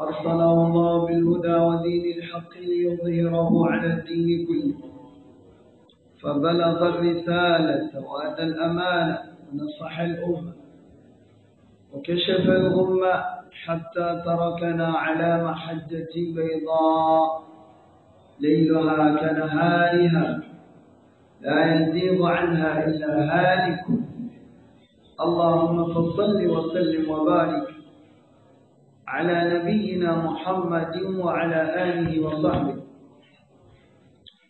أرسله الله بالهدى ودين الحق ليظهره على الدين كله فبلغ الرسالة وأدى الأمانة ونصح الأمة وكشف الغمة حتى تركنا على محجة بيضاء ليلها كنهارها لا يزيغ عنها إلا هالك اللهم فصل وسلم وبارك على نبينا محمد وعلى آله وصحبه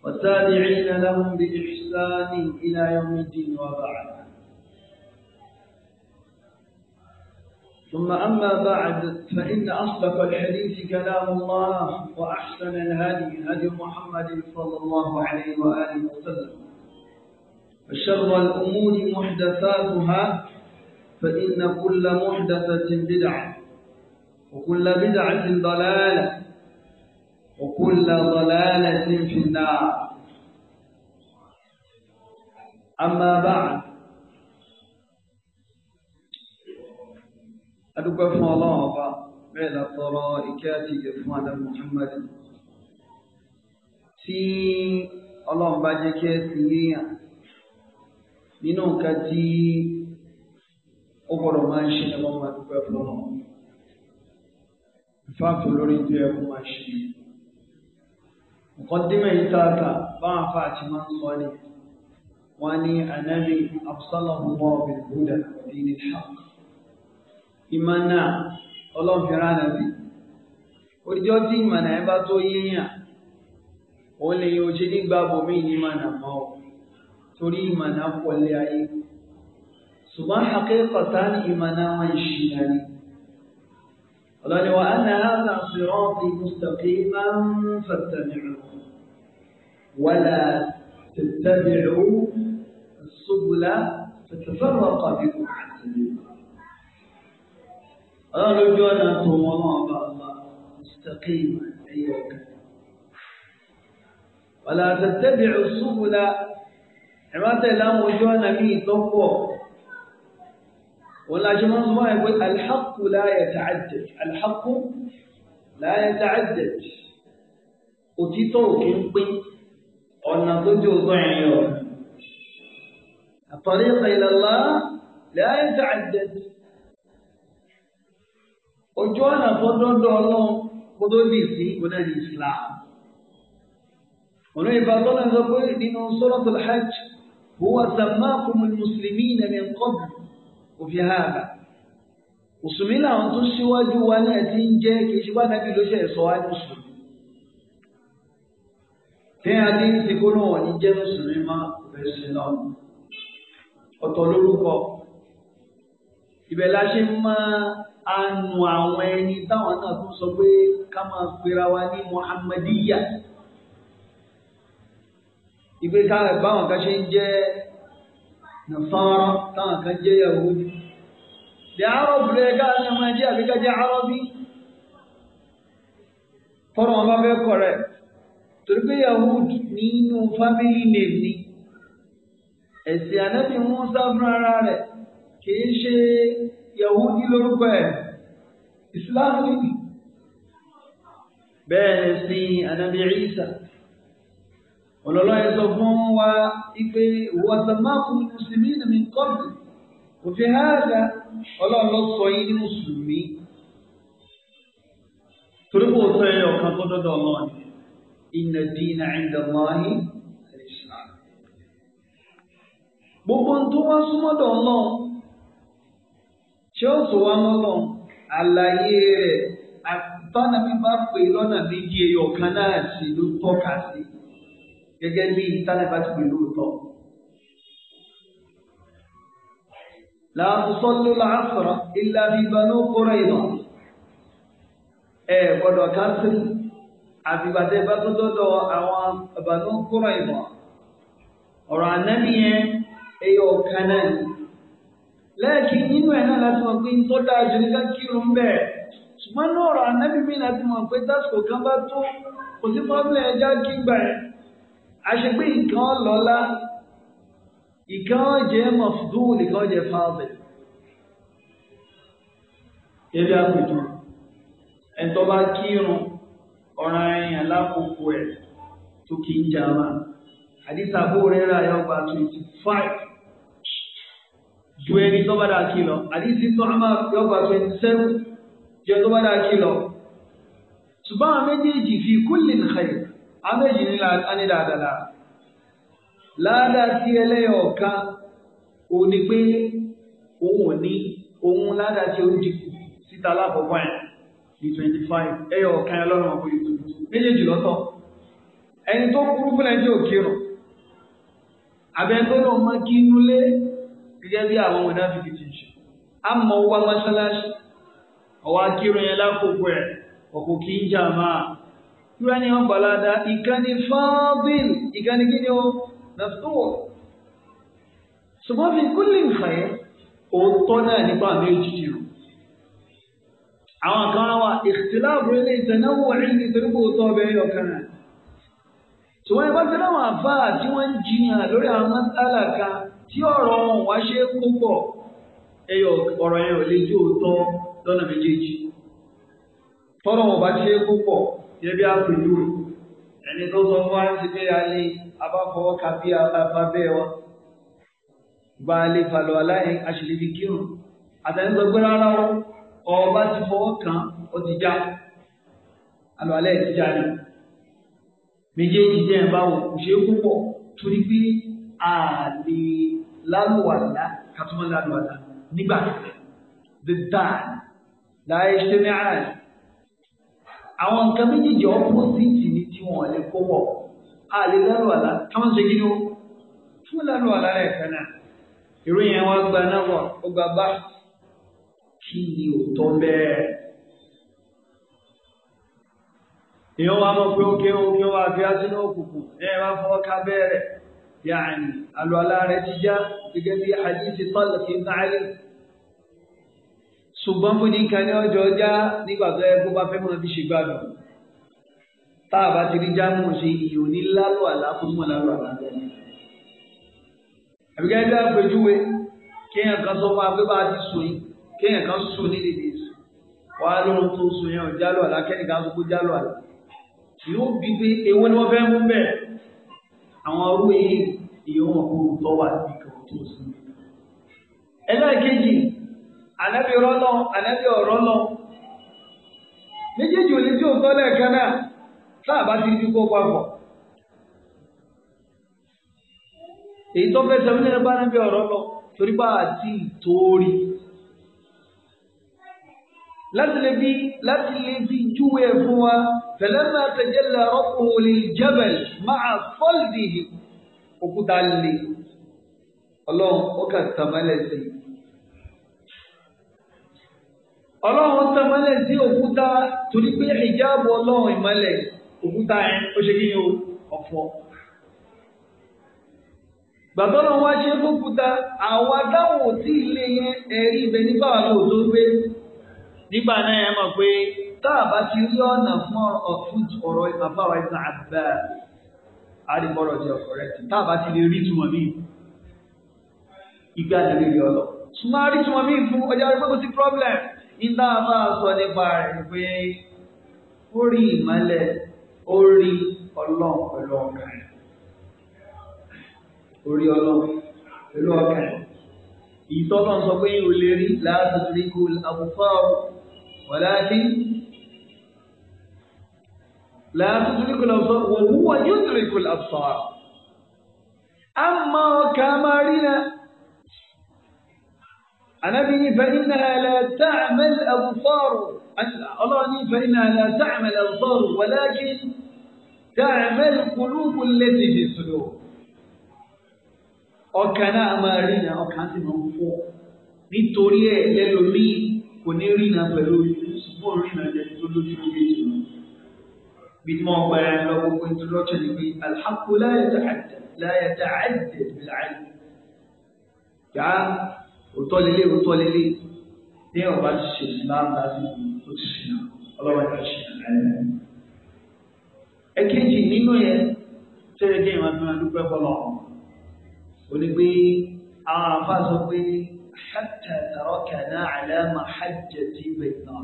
والتابعين لهم بإحسان إلى يوم الدين وبعد ثم أما بعد فإن أصدق الحديث كلام الله وأحسن الهدي هدي محمد صلى الله عليه وآله وسلم وشر الأمور محدثاتها فإن كل محدثة بدعة وكل بدعة ضلالة وكل ضلالة في النار أما بعد أدوك فما الله بعد طرائكات إخوان محمد tí ọlọ́run بجك jẹ́ kí ẹ sì yéèyàn nínú nǹkan tí fáàtì lórí tó yẹ kó máa ṣe nǹkan dímẹ̀ yìí tààtà báwọn fáàtì máa ń sọ ni wọ́n ní anabi absalom mọ́ọ̀bì buda dínì haq ìmọ̀nà ọlọ́mfẹ́rẹ́ anabi oríjọ́ tí ìmọ̀nà ẹ bá tó yéèyàn òun lè yóò ṣe nígbà bòmí ní ìmọ̀nà mọ́ ọ torí ìmọ̀nà pọ̀lẹ́ ayé ṣùgbọ́n àkẹ́kọ̀ọ́ tá ní ìmọ̀nà wọn ìṣìnà ni. قال وأن هذا صراطي مستقيما فاتبعوه ولا تتبعوا السبل فتفرق بكم عن سبيله قالوا جوناتهم وما الله مستقيما ايوك ولا تتبعوا السبل عمات الله وجوانا مي توقف والأجمال الله يقول الحق لا يتعدد الحق لا يتعدد وتيتو كيمبي ń تجو ọ̀nà الطريق إلى الله لا يتعدد. وجوانا فضل tó فضل ọlọ́run kó tó ونحن فضلنا ìgbóná ان islam. سورة الحج هو سماكم المسلمين من قبل òfin hàbà mùsùlùmí làwọn tó síwájú wa náà ti ń jẹ́ kì í ṣe wá nábì ló ṣe sọ wá mùsùlùmí tí a ti ń ti gbólóhùn ní jẹ́ mùsùlùmí má ẹ̀sìn náà ọ̀tọ̀ lórúkọ ibẹ̀ la ṣe máa anu àwọn ẹni táwọn náà tún sọ pé ká máa pera wa ní muhammadiya ìgbé báwọn kan ṣe ń jẹ́ nàṣọ́rọ́ táwọn kan jẹ́ yahudi the arab rẹ̀ gáàsì máa jẹ́ àbíká jẹ́ arabi tọrọ wọn bá fẹ́ kọ̀rẹ́ torí pé yahudi nínú family name ni ẹ̀sìn ànábì musa fún ara rẹ̀ kìí ṣe yahudi lórúkọ ẹ̀ islam ni bẹ́ẹ̀ ni ànábì isa ọlọ́lọ́ yẹn sọ fún wa ipe wọ́sàmákùn mùsùlùmí ní mi kọ́ọ̀tù òfin hàdà ọlọ́run ló sọ yín ní mùsùlùmí torí kò sọ ẹyọ kan tó dọ́dọ̀ ọlọ́run inna dina inda Allahi al-Islam gbogbo tó wá súnmọ́dọ̀ ọlọ́run tí ó sọ wá mọ́lọ́run àlàyé rẹ̀ àtọ́nà bíbá pé lọ́nà méjì ẹyọ kan náà sì ló tọ́ka sí i gẹ́gẹ́ bí tálẹ̀ bá ti pè lóòótọ́. láàmùsọ́lù làásọ̀rọ̀ ilà bíbanú kúrẹ́ ìnà ẹ gbọ́dọ̀ kásìn àbíbàdé bá tó dọ́dọ̀ àwọn ìbànú kúrẹ́ ìnà ọ̀rọ̀ ànánìyẹn ẹ̀yọ̀ kan náà lẹ́ẹ̀kì nínú ẹ̀ náà láti mọ̀ pé ń tó dáa jù nígbà kírun bẹ́ẹ̀ ṣùgbọ́n náà ọ̀rọ̀ ànábìbí láti mọ̀ pé dásìkò kan bá tó kò sí pọ́blẹ̀ ẹja kígbà ẹ̀ àṣepé nǹkan lọ́lá nǹkan jẹ́ mọ̀fúdúù nìkan jẹ́ fáwọn eré àpèjú ẹ̀tọ́ bá kírun ọ̀ràn ẹ̀yàn lákòókò ẹ̀ tó kì í jàmá àdìsá bó rẹ́rà yọgbà twenty five ju ẹni tó bá dàá kí lọ àdìsí tó àmà yọgbà twenty seven jẹ tó bá dàá kí lọ ṣùgbọ́n àwọn méjèèjì fi kúlìn xẹ̀yìn. a méjìléláàdínláàdínláà ládàá tí ẹlẹ́yọ̀ọ̀kan òun ni pé òun ò ní òun ládàá tí ó ń dìkù síta lákòókò ẹ̀ ní twenty five ẹyọ̀ọ̀kan ẹlọ́run ọ̀pọ̀ ètò méjèèjì lọ́tọ̀ ẹni tó ẹni tí ò kírun abẹ́gbẹ́rún ọmọ kí inú lé gẹ́gẹ́ bí àwọn fi kìtì yẹn Kúránì wọn balada ìkànnì fáábìl ìkànnì kí ni ó nàfọwọ́. Ṣùgbọ́n fi kúlì nǹkan yẹn òótọ́ náà nípa àmì òjijì rò. Àwọn kan wá ìṣìláàbù ilé ìtẹ̀náwó rẹ̀ ní torí pé òótọ́ ọbẹ̀ yẹn ọ̀kan náà. Ṣùgbọ́n ìbá ti láwọn àfáà tí wọ́n ń jiyàn lórí àwọn mọ́tálà kan tí ọ̀rọ̀ wọn wá ṣe kó pọ̀ ẹyọ ọ̀rọ̀ yẹn ò lè jó òótọ́ lọ́nà méjèèjì. Tọ́rọ̀ gẹ́gẹ́ bí àpèjúwe ẹni tó sọ fún àìsí pé alẹ́ abáfọwọ́ ka bí abábẹ́ wa gba alẹ́ falọ̀ aláìyẹn aṣèlè fi kírun àtẹnudọ pé rárá o ọba ti fọwọ́ kan ó ti já alọ́ alẹ́ ti já ni méjèèjì jẹ́ ẹ̀ báwo kò ṣeé púpọ̀ torí pé àlè lálùwàlá kàtúmọ̀ lálùwàlá nígbà tó dáa láyé ṣe àlè. àwọn nǹkan méjèèjì ọ́pọ́sìtì ni tí wọ́n lè kó a lè lẹ́rù àlá káwọn ṣe kí ni ó tún lẹ́rù àlá rẹ̀ kan náà irú yẹn wọ́n gba náà wọ̀ ó gba bá kí ni ò bẹ́ẹ̀. èèyàn wa mọ̀ pé ó ké ó fi òkùnkùn bá fọwọ́ ká ṣùgbọ́n fún nìkan ní ọjọ́ ọjà nígbà tó yẹ kó bá fẹ́ máa fi ṣègbàdùn tá a bá ti rí jámù ṣe ìyò ní lálù àlá fún mọ̀ lálù àlá bẹ́ẹ̀. àbíkẹ́ ẹgbẹ́ àpèjúwe kéèyàn kan sọ fún agbébá ti sùn yín kéèyàn kan sùn ní lèdè sùn wà á lóhun tó sùn yẹn ò jálù àlá kẹ́nìkan sọ pé jálù àlá yóò bí pé ewé ni wọ́n fẹ́ mú bẹ́ẹ̀ àwọn ọrú yìí ìyóhùn ọ̀hún tó wà níbi kan tó sùn. ẹlẹ́ẹ̀kejì ànábì rọ́lọ́ ànábì ọ̀rọ́lọ́ méjèèjì ò ní tí òótọ́ lẹ́ẹ̀kan náà tá a bá ti dúpọ̀ papọ̀ èyí tó fẹ́ sẹ́mi nínú bá ànábì ọ̀rọ́lọ́ torí bá a ti tóórì láti lè bí láti lè bí júwe ẹ̀ fún wa fẹlẹ́mà tajalla rabbuhu lil jabal ma'a saldihi òkúta lè ọlọ́run ó kà tàmálẹ̀ sí i ọlọ́run tán mọ́lẹ̀ sí òkúta torí pé ìjáàbù ọlọ́run ìmọ́lẹ̀ òkúta ẹ̀ ó ṣe kí ni o ọ̀fọ̀. gbàtọ́nà wá ṣe fókúta àwa táwọn ò tí ì lé yẹn ẹ̀rí ibẹ̀ nígbà wà lóò tó gbé nígbà náà ẹ mọ̀ pé tá a bá ti rí ọ̀nà fún ọ̀fún ọ̀rọ̀ ìbàbáwa ìgbà àgbà àdìmọ́rọ̀ ti ọ̀kọ̀ rẹ̀ tá bá ti lè rí túmọ̀ míì ìgbà lè rí ọlọ́ ṣùgbọ́n rí túmọ̀ míì fún ọjà rẹ̀ pé kò sí problem nígbà máa sọ nípa rẹ̀ pé ó rí ìmọ́lẹ̀ ó rí ọlọ́run pẹ̀lú ọkàn rẹ̀ ó rí ọlọ́run pẹ̀lú ọkàn rẹ̀ ìtọ́lọ́n sọ pé yóò lè rí láti rí kú àbúfá wàláàkí láti rí kú àbúfá wọ́n wúwọ́ yóò rí kú àbúfá. أما كما رنا عن أبي فإنها لا تعمل أبصار أراني فإنها لا تعمل أبصار ولكن تعمل قلوب التي في صدور أو كان أمارينا أو كان تنفو نتوريه للمي كنيرينا بلوش سبورينا جلوش بيتنا بيتما أبارينا لو كنت روشني بي الحق لا يتحدث لا يتعدد بالعلم يعني òótọ́ lélẹ̀ òótọ́ lélẹ̀ tí wọn bá ti ṣe islam lásìkò tó ti ṣe náà ọlọ́wọ́ ti ṣe náà. ẹ̀kejì nínú yẹn tẹ́lẹ̀ kí ìwà mímọ́ dúpẹ́ bọ́lọ̀ ò ní pé àwọn àfa sọ pé hatta tarakana ala mahajjati baina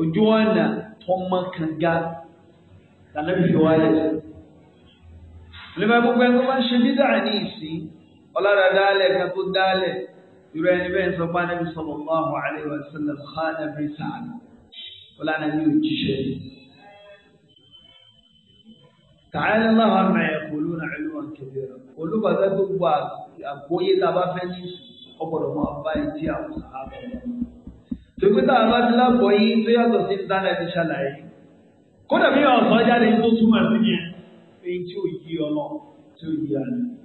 ojú ọ̀nà tó mọ́ kànga tàbí fi wáyé. olùbá gbogbo ẹni tó bá ń ṣe bídà ní ìsìn ọlára dálẹ̀ kan tó dálẹ̀ irú ẹni bẹ́ẹ̀ sọ pé anábì sallallahu alaihi wasallam khana bisan ọlára ní òjíṣẹ́ yìí. تعالى الله عما يقولون علوا كبيرا قلوبا تدب àgbóyé tá a bá fẹ́ ní ọgbọ̀dọ̀ máa bá ẹ tí àwọn sàábà wọn. tòkí tá a bá ti lábọ̀ yín tó yàtọ̀ sí ìdánilẹ́ni ṣàlàyé. kódà bí ọ̀sán jáde tó túmọ̀ sí yẹn pé tí ò yí ọ náà tí ò yí àná.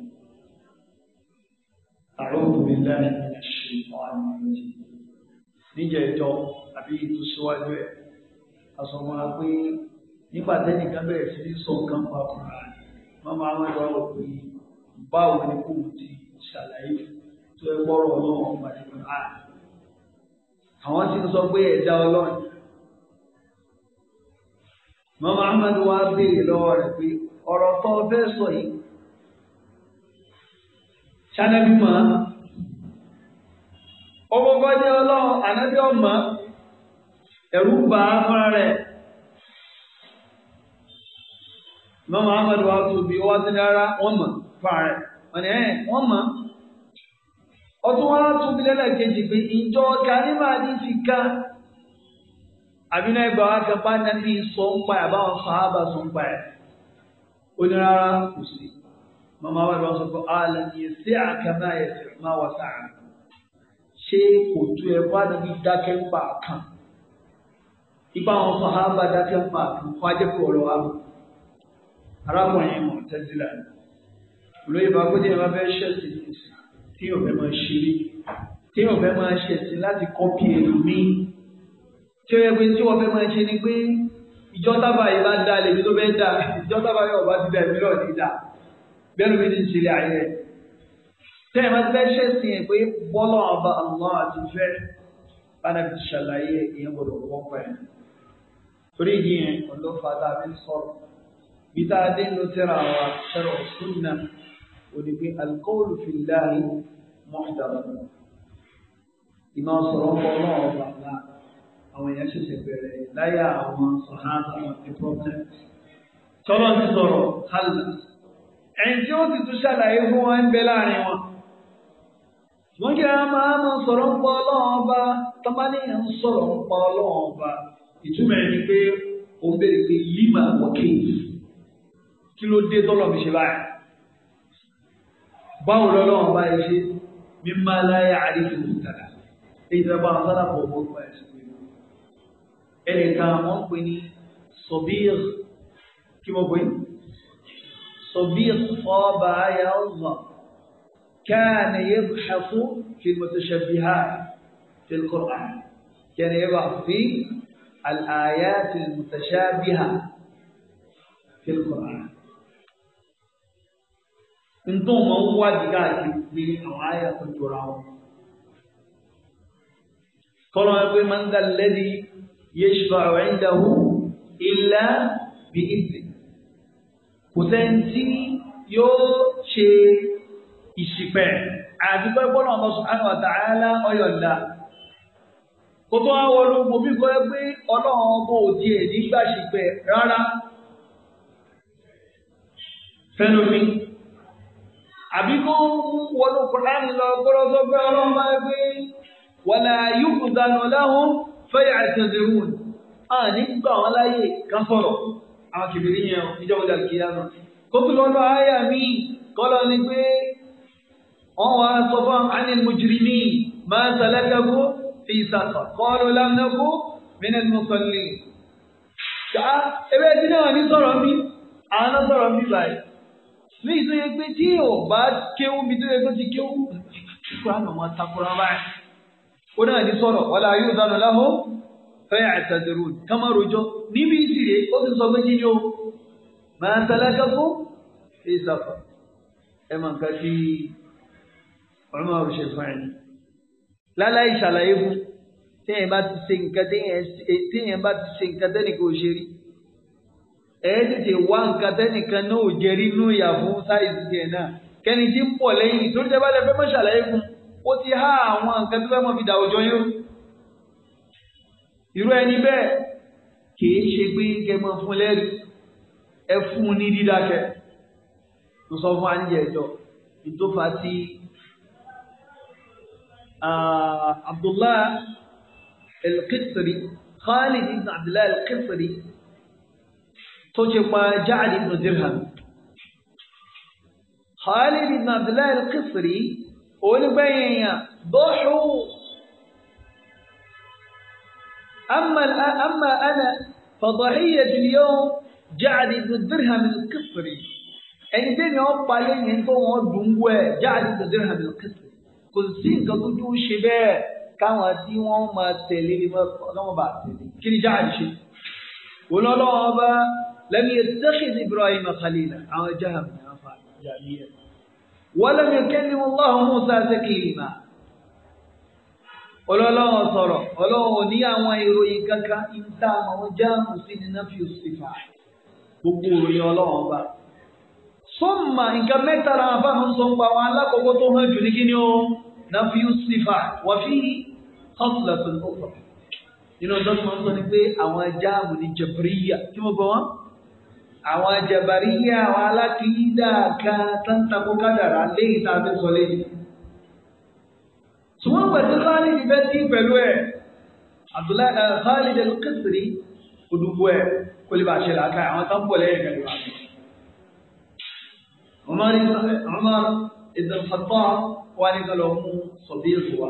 أعوذ بالله من الشيطان الرجيم níjẹ̀jọ́ àbí ìtúsíwájú ẹ̀ àsọmọ́ a pé nígbà tẹ́nìkan bẹ̀rẹ̀ sí ní sọ nǹkan pa fúnra wọ́n máa ń wá wọ̀ pé báwo ni kò ti ṣàlàyé tó ẹ gbọ́rọ̀ ọlọ́run pàdé fúnra àwọn tí ń sọ pé ẹ̀dá ọlọ́run mọ́ Muhammad wá béèrè lọ́wọ́ rẹ̀ pé ọ̀rọ̀ tó fẹ́ sọ yìí sanabi mọ̀ ọgbọgbọ jẹ Ọlọ́run anabi ọmọ ẹrú bá a fúnra rẹ̀ mọ muhammed wa tóbi ọwọ tí rárá wọn mọ̀ fúnra rẹ̀ wọn ni ẹ wọn mọ̀ ọtún wọn tún bi lẹ́lẹ́kejì pé ìjọ kanima ní ti àbínú ẹgbàá wa kan nàbí sọ ń pa ẹ̀ báwọn sọ sọ ń pa ẹ̀ onírárá kò sí màmá wa lọ sọ pé àlẹ́ yìí sí àkàmá yẹn sì máa wà sáà ṣé kò tu ẹ̀ wá níbi dákẹ́ ń pa kan ipa àwọn sàhábà dákẹ́ ń pa kan kó ajẹ́kọ̀ọ́ ọ̀rọ̀ wa arákùnrin mọ̀ tẹ́sílà ni olóyè bá gbọ́dọ̀ yẹn bá fẹ́ ṣẹ̀sìn ní ìsìn tí yóò fẹ́ máa ṣeré tí yóò máa ṣẹ̀sìn láti kọ́pì ẹlòmíì tí ó yẹ pé tí wọ́n fẹ́ máa ṣe ni pé ìjọ tábà yìí bá dá lèmi ló fẹ́ dá ìjọ tábà yìí ọba bẹ́ẹ̀ ló ní ìṣẹ̀lẹ̀ ayé ẹ̀. tẹ́ ẹ máa fẹ́ ṣẹ̀sìn ẹ̀ pé bọ́lá ọba Allah àti fẹ́ bára fi ṣàlàyé ìyẹn gbọdọ̀ wọ́pọ̀ ẹ̀. torí ìdí yẹn ọlọ́fà tá a fi ń sọ̀rọ̀ bí tá a dé ló tẹ́ra wa tẹ́ra sunna òní pé alukóòlù fi láàyè mọ́tàlá ìmọ̀ sọ̀rọ̀ ọlọ́run ọba náà àwọn èèyàn ṣẹ̀ṣẹ̀ bẹ̀rẹ̀ láyà àwọn sọ̀hánà àwọn ti pọ́blẹ́mù. tọ́lọ́ ti sọ̀rọ̀ kálá ẹ̀yìn tí wọ́n sì tún ṣàlàyé fún wọn ń bẹ láàrin wọn. ṣùgbọ́n kí wọ́n máa ń sọ̀rọ̀ ń pa ọlọ́run ọba tọ́mánìyàn ń sọ̀rọ̀ ń pa ọlọ́run ọba ìtumọ̀ ẹni pé ó ń bèrè pé lima wọ́kẹ́yì kí ló dé tọ́lọ̀ fi ṣe báyìí. báwo lọ́lọ́run ọba yẹn ṣe mímú aláya àdéhùn ìtàlá èyí tó bá wọn sálábọ̀ wọn pa ẹ̀sìn pé ẹnìkan wọn pè ní sọ̀bíyà kí wọ́n pè é. صديق صابع يا الله كان يبحث في المتشبهات في القرآن كان يبحث في الآيات المتشابهة في القرآن انتم هو دقائق في آية القرآن قالوا يقول من ذا الذي يشفع عنده إلا بإذنه kò sẹ́ni tí yóò ṣe ìṣìpẹ̀ àti pé gbọ́dọ̀ ọmọ subhanahu wa ta'ala ọ̀yọ̀dà kó tó wá wọlé ogun bí kò yẹ pé ọlọ́run ọmọ òdi ẹ̀ nígbà ṣìpẹ̀ rárá fẹ́lómi àbí kó wọlé kùránì lọ gbọ́dọ̀ tó gbé ọlọ́run bá gbé wàlá yóò dànù láhùn fẹ́yà àtẹ̀dẹ̀rùn àní gbà wọn láyè kan sọ̀rọ̀ àwọn kìbìrì yẹn ìjọ wọlé àkìyàmà kókó lọ́nà àyà mi kọ́lọ́ ni pé wọ́n wá sọ fún anil mujrimi máa sàlákàkó fi sàkà kọ́lọ́ lámnàkó minal musalli. ebe tí náà ní sọ̀rọ̀ mi àwọn sọ̀rọ̀ mi báyìí ní ìtòyẹ pé tí ò bá kéwú bí tó yẹ kó ti kéwú kúrò àwọn ọmọ takùrọ̀ báyìí. ó náà ní sọ̀rọ̀ wọ́n faya'tadhirun kama rojọ́ níbi ìsìrè ó ti sọ pé kí ni o máa sálákà fún ìsàfà ẹ máa ń ka sí ọlọ́mọ àrùṣe fún ẹ láláì ṣàlàyé fún téèyàn bá ti ṣe nǹkan téèyàn bá ti ṣe nǹkan tẹ́nìkan ò ẹ tètè wá nǹkan tẹ́nìkan náà ò jẹ́ rí inú ìyà fún sáìsì tiẹ̀ náà kẹ́ni tí ń pọ̀ lẹ́yìn tó ń jẹ́ bá lẹ mọ́ ṣàlàyé fún ó ti há àwọn nǹkan tó fẹ́ mọ́ fi dà òjò irú ẹni bẹ́ẹ̀ kìí ṣe pé kẹmọ fún lẹ́rìí ẹ fún un ní dídákẹ́ tó sọ fún àníjẹ ẹjọ́ ìtòfà ti Abdullah al-Qisri Khalid ibn Abdullah al-Qisri tó ṣe pa Ja'd ibn Dirham Khalid ibn Abdullah al-Qisri yẹn dọ́ṣù. أما أما أنا فضحية اليوم جعل ابن الدرهم القصري ẹni tẹ́ni ọ palẹ̀ yẹn tó wọ́n dùn wọ́ ẹ̀ jáde gbẹ̀dẹ̀rẹ̀ hàn kẹsì kò sí nǹkan tó dúró ṣe bẹ́ẹ̀ káwọn tí wọ́n máa tẹ̀lé ni wọ́n bá tẹ̀lé kí ni jáde ṣe. wọn lọ́wọ́ bá lẹ́mi ẹ̀sẹ̀kìsì ibrahim khalila àwọn jáde àwọn afáàlì jàmíyà wọ́n lẹ́mi kẹ́ni wọ́n lọ́wọ́ musa sẹ́kìlì máa. ọlọ́lọ́wọ́ sọ̀rọ̀ ọlọ́wọ́ ní àwọn ìròyìn kankan ìta àwọn jáàmù sí ni náà fi gbogbo ìròyìn ọlọ́wọ́ bá. sọ́mà nǹkan mẹ́ta ra sọ ń pa àwọn alákọ̀ọ́kọ́ tó hàn jù ní kí ni ó náà fi wà fi hustle tó ń bọ̀ sọ̀rọ̀. nínú ọjọ́ tí wọ́n sọ ni pé àwọn jáàmù ní kí wọ́n bọ̀ wọ́n. àwọn a sọ léyìí. ṣùgbọ́n pẹ̀lú Khalid fẹ́ tí pẹ̀lú ẹ̀ eh, Khalid al-Qasri odùgbò ẹ̀ kó lè bá ṣe làákà àwọn tó ń pọ̀ lẹ́yìn pẹ̀lú wa. Eh, Umar ibn al-Khattab wà ní kálọ̀ mú sọ̀bí ìṣùwà.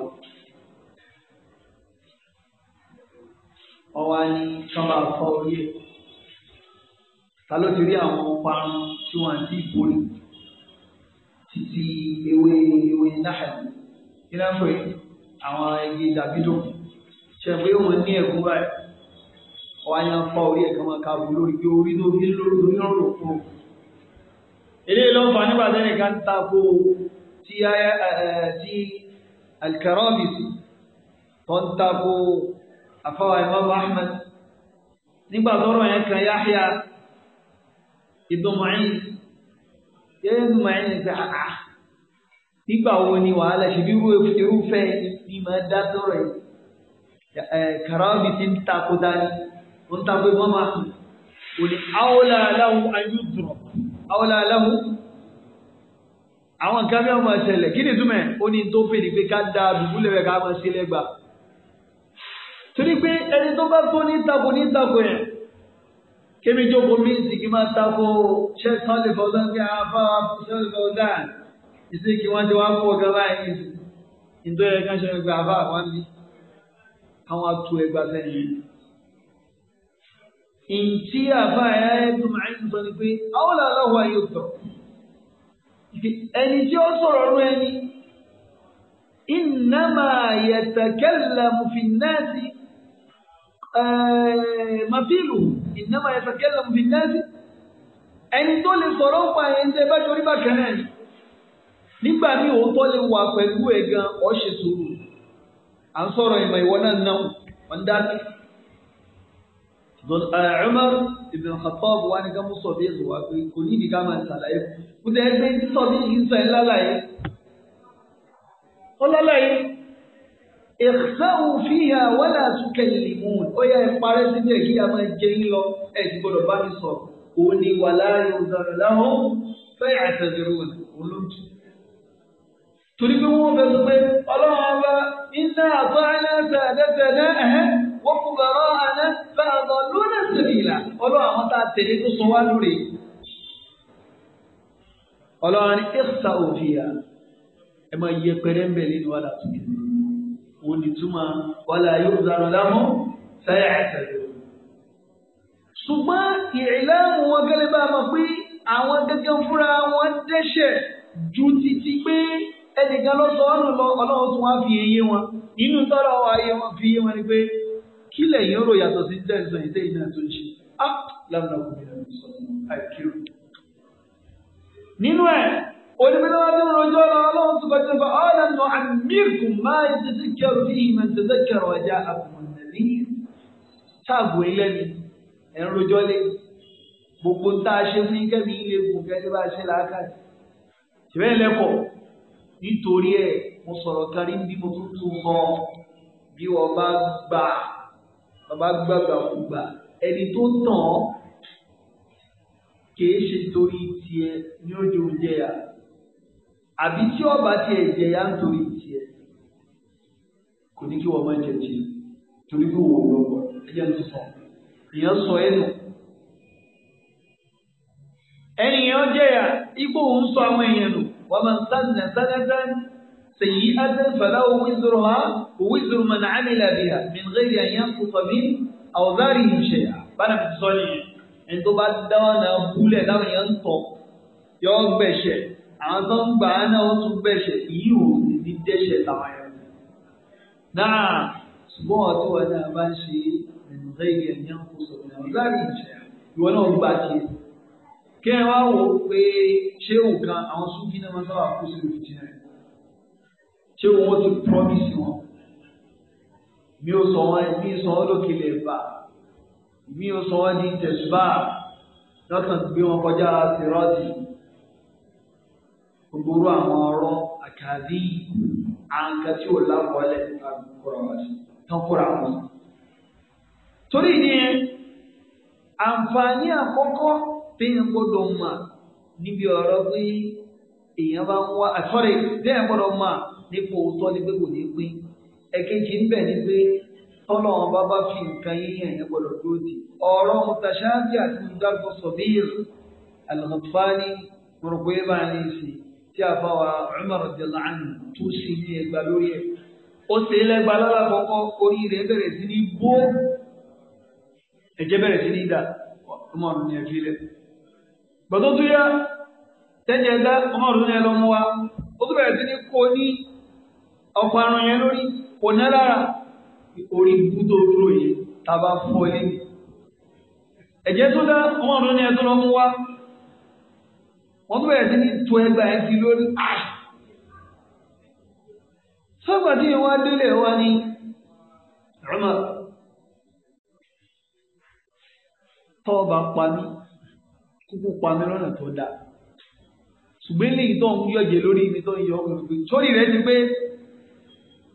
ọwọ́ ni sọ́ba fọ́ orí ẹ̀. ti rí àwọn parun tí wọ́n ti borí títí ewé ewé náà kí náà pè àwọn igi dàbídò ṣe pé ó mọ ní ẹ̀gún báyìí ọwọ́ ayé ń fọ orí ẹ̀ kan máa ka bu lórí bí orí tó fi lórí lórí lọ́rùn kú. ilé ló ń fa nígbà tí ẹnìkan ń ta ko ti alkarabisi tó ń ta ko àfọwọ́ imam ahmed nígbà tọrọ yẹn kan yáhíà ibn Ma'in yẹn Ma'in ní nígbà wo ni wàhálà ṣe bí irúfẹ́ ní máa dá sọ̀rọ̀ yìí kàràbì ti ń takò dání ó ń takò ìbọn máa kò ní àwòlà aláwọ̀ ayélujára àwòlà aláwọ̀ àwọn nǹkan bí wọn máa ṣẹlẹ̀ kí ni túmẹ̀ ó ní tó fèrè pé ká da àdúgbò rẹ̀ ká máa ṣe lẹ́gbà torí pé ẹni tó bá tó ní takò ní takò yẹn kémi jókòó mi sì kí máa takò ṣẹ́ẹ̀tàn lè fọ́sán kí a fà ìsìnkì wọn ti wá ń pọ̀ gan báyìí nítorí ẹ̀ kàn ṣe ẹgbẹ́ àbá àwọn mi àwọn atu ẹgbà sẹ́yìn yìí. Ìntí àbá ẹ̀ ẹ̀dùn máa ń sọ ni pé àwọn aláwọ̀ ayé sọ. Ẹni tí ó sọ̀rọ̀ ọ̀rọ̀ ẹni, ìnáma yẹ̀tẹ̀kẹ́lẹ̀ mùfìnnẹ́sì màfílù ìnáma yẹ̀tẹ̀kẹ́lẹ̀ mùfìnnẹ́sì. Ẹni tó lè sọ̀rọ̀ ń pa ẹni tẹ́ bá torí bá kẹ́rẹ́ yìí nígbà tí òótọ́ lè wà pẹ̀lú ẹ̀ gan ọ́ ṣe sùúrù à ń sọ̀rọ̀ ìmọ̀ ìwọ náà náà wọ́n dákẹ́. Eh, Umar ibn Khattab wa ni ká mú sọ̀bí ẹ̀sùn wa pé kò ní ìdíkà máa ṣàlàyé kò tẹ́ ẹgbẹ́ tí sọ̀bí yìí ń sọ ẹ̀ lálàyé. Ó lálàyé ikhsa'u fiha wala tukallimun ó yá ẹ parẹ́ síbẹ̀ kí a máa jẹ yín lọ ẹ̀ ti gbọ́dọ̀ bá mi sọ̀rọ̀ òní wàlá yóò dọ̀rọ̀ láwọn fẹ́ àtẹ̀dẹ̀rù olóńtù torí pé wọ́n fẹ́ sọ pé ọlọ́run ọba iná àtọ́ aláṣà àdẹ́sẹ̀dẹ́ ẹ̀hẹ́ wọ́n kú bàrọ̀ àná bàbá lónà sèmìlà ọlọ́run àwọn tá a tẹ̀lé tó sọ wá lórí. ọlọ́run ní ẹ̀sà òfìyà ẹ máa yẹ pẹrẹ ń bẹ̀ nínú wàhálà tó kẹ́ wọ́n ní túmọ̀ wàhálà yóò zanú lámú sáyà àtàlẹ́ ṣùgbọ́n ìrìlámù wọn gẹ́lẹ́ bá a mọ̀ pé àwọn gẹ́gẹ́ fúnra wọn dẹ́ṣẹ̀ ju títí pé ẹnìkan ló sọ ọ́nù lọ ọlọ́run tún wá fi eyé wọn nínú tọ́lọ́ ayé wọn fi eyé wọn ni pé kí lẹ́yìn rò yàtọ̀ sí tẹ̀sán ìdé iná tó ń ṣe á ah, lánàá kò bí ẹni sọ àìkírò. nínú ẹ̀ onímọ̀lẹ́wà tí wọ́n rọjò lọ ọlọ́run tún kọjú nípa ọ̀nà nù àmírkù máa ń tẹ̀sí kẹrù bí ìmọ̀ tẹ̀sí kẹrù ọjà àbùmọ̀nàlì táàbù ẹlẹ́ni ẹ̀ mi ilé kò kẹ́ nítorí ẹ̀ mo sọ̀rọ̀ kárí bí mo tún tún mọ bí wọ́n bá gbà bàbá gbàgbà fúgbà ẹni tó tàn án kìí ṣe torí tiẹ̀ ní ojú jẹyà àbí tí ọba tiẹ̀ jẹyà nítorí tiẹ̀ kò ní kí wọ́n má jẹ tiẹ̀ torí kí wọ́n lọ́wọ́ ẹ̀jẹ̀ ló sọ èèyàn sọ ẹ̀ nù ẹnìyàn jẹyà ipò òun sọ àwọn èèyàn nù. ومن سن سنة سيئة فله وزرها وزر من عمل بها من غير أن ينقص من أوزاره شيئا بنا في الصالح عندو بعد دوانا بولا دام ينطق يوم بشي عظم بانا وصف بشي يو ندش دعايا نعم سبوات وانا باشي من غير أن ينقص من أوزاره شيئا يوانا وباتي kí ẹ wá wò ó pé ṣé nǹkan àwọn súnkì náà máa sábà kú sínú fìtínà rẹ̀ ṣé wọ́n ti promise wọn mi ò sọ wọn mi ò sọ wọn lókè lè bà mi ò sọ wọn di tẹ̀síbà lọ́kàn gbé wọn kọjá sèrọ́ọ̀tì gbogbo àwọn ọ̀rọ̀ àkàdé àǹkà tí ò lápọ̀lẹ̀ tán kóra wọn. torí ìdí àǹfààní àkọ́kọ́ téèyàn gbọ́dọ̀ mà níbi ọ̀rọ̀ pé èèyàn bá ń wá àtọrẹ ah, téèyàn gbọ́dọ̀ mà nípa òótọ́ ni pé kò ní pín ẹ̀kejì ń bẹ ni pé tọ́lọ̀ wọn bá bá fi nǹkan yíyan yẹn gbọ́dọ̀ dúró di ọ̀rọ̀ mùtàṣáàbí àti mùdàgbọ́ sọ̀bíìr alùpàní mọ̀rọ̀gbé bá ní ìsìn tí a bá wa Umar radiyallahu tó sì ní ẹgbà lórí ẹ̀ ó sì ń lẹ́gbà lọ́làkọ́kọ́ orí rẹ̀ bẹ̀rẹ̀ sí ní bó ẹ̀jẹ̀ bẹ̀rẹ̀ sí ní dà Umar ní ẹ̀fílẹ̀. gbadotụya ya ọmọ ọ̀dún yẹn lọ wa ó tún bẹ̀rẹ̀ sí ní kó ní ọ̀pọ̀ àrùn yẹn lórí kò ní lára orí dúró yìí tá a bá ilé mi. tó dá ọmọ ọ̀dún yẹn wa wọ́n tún bẹ̀rẹ̀ sí ní kúkú pa mí lọ́nà tó dáa ṣùgbọ́n eléyìí tó ń yọjẹ lórí ibi tó ń yọ ọmọ ìgbé sórí rẹ ti pé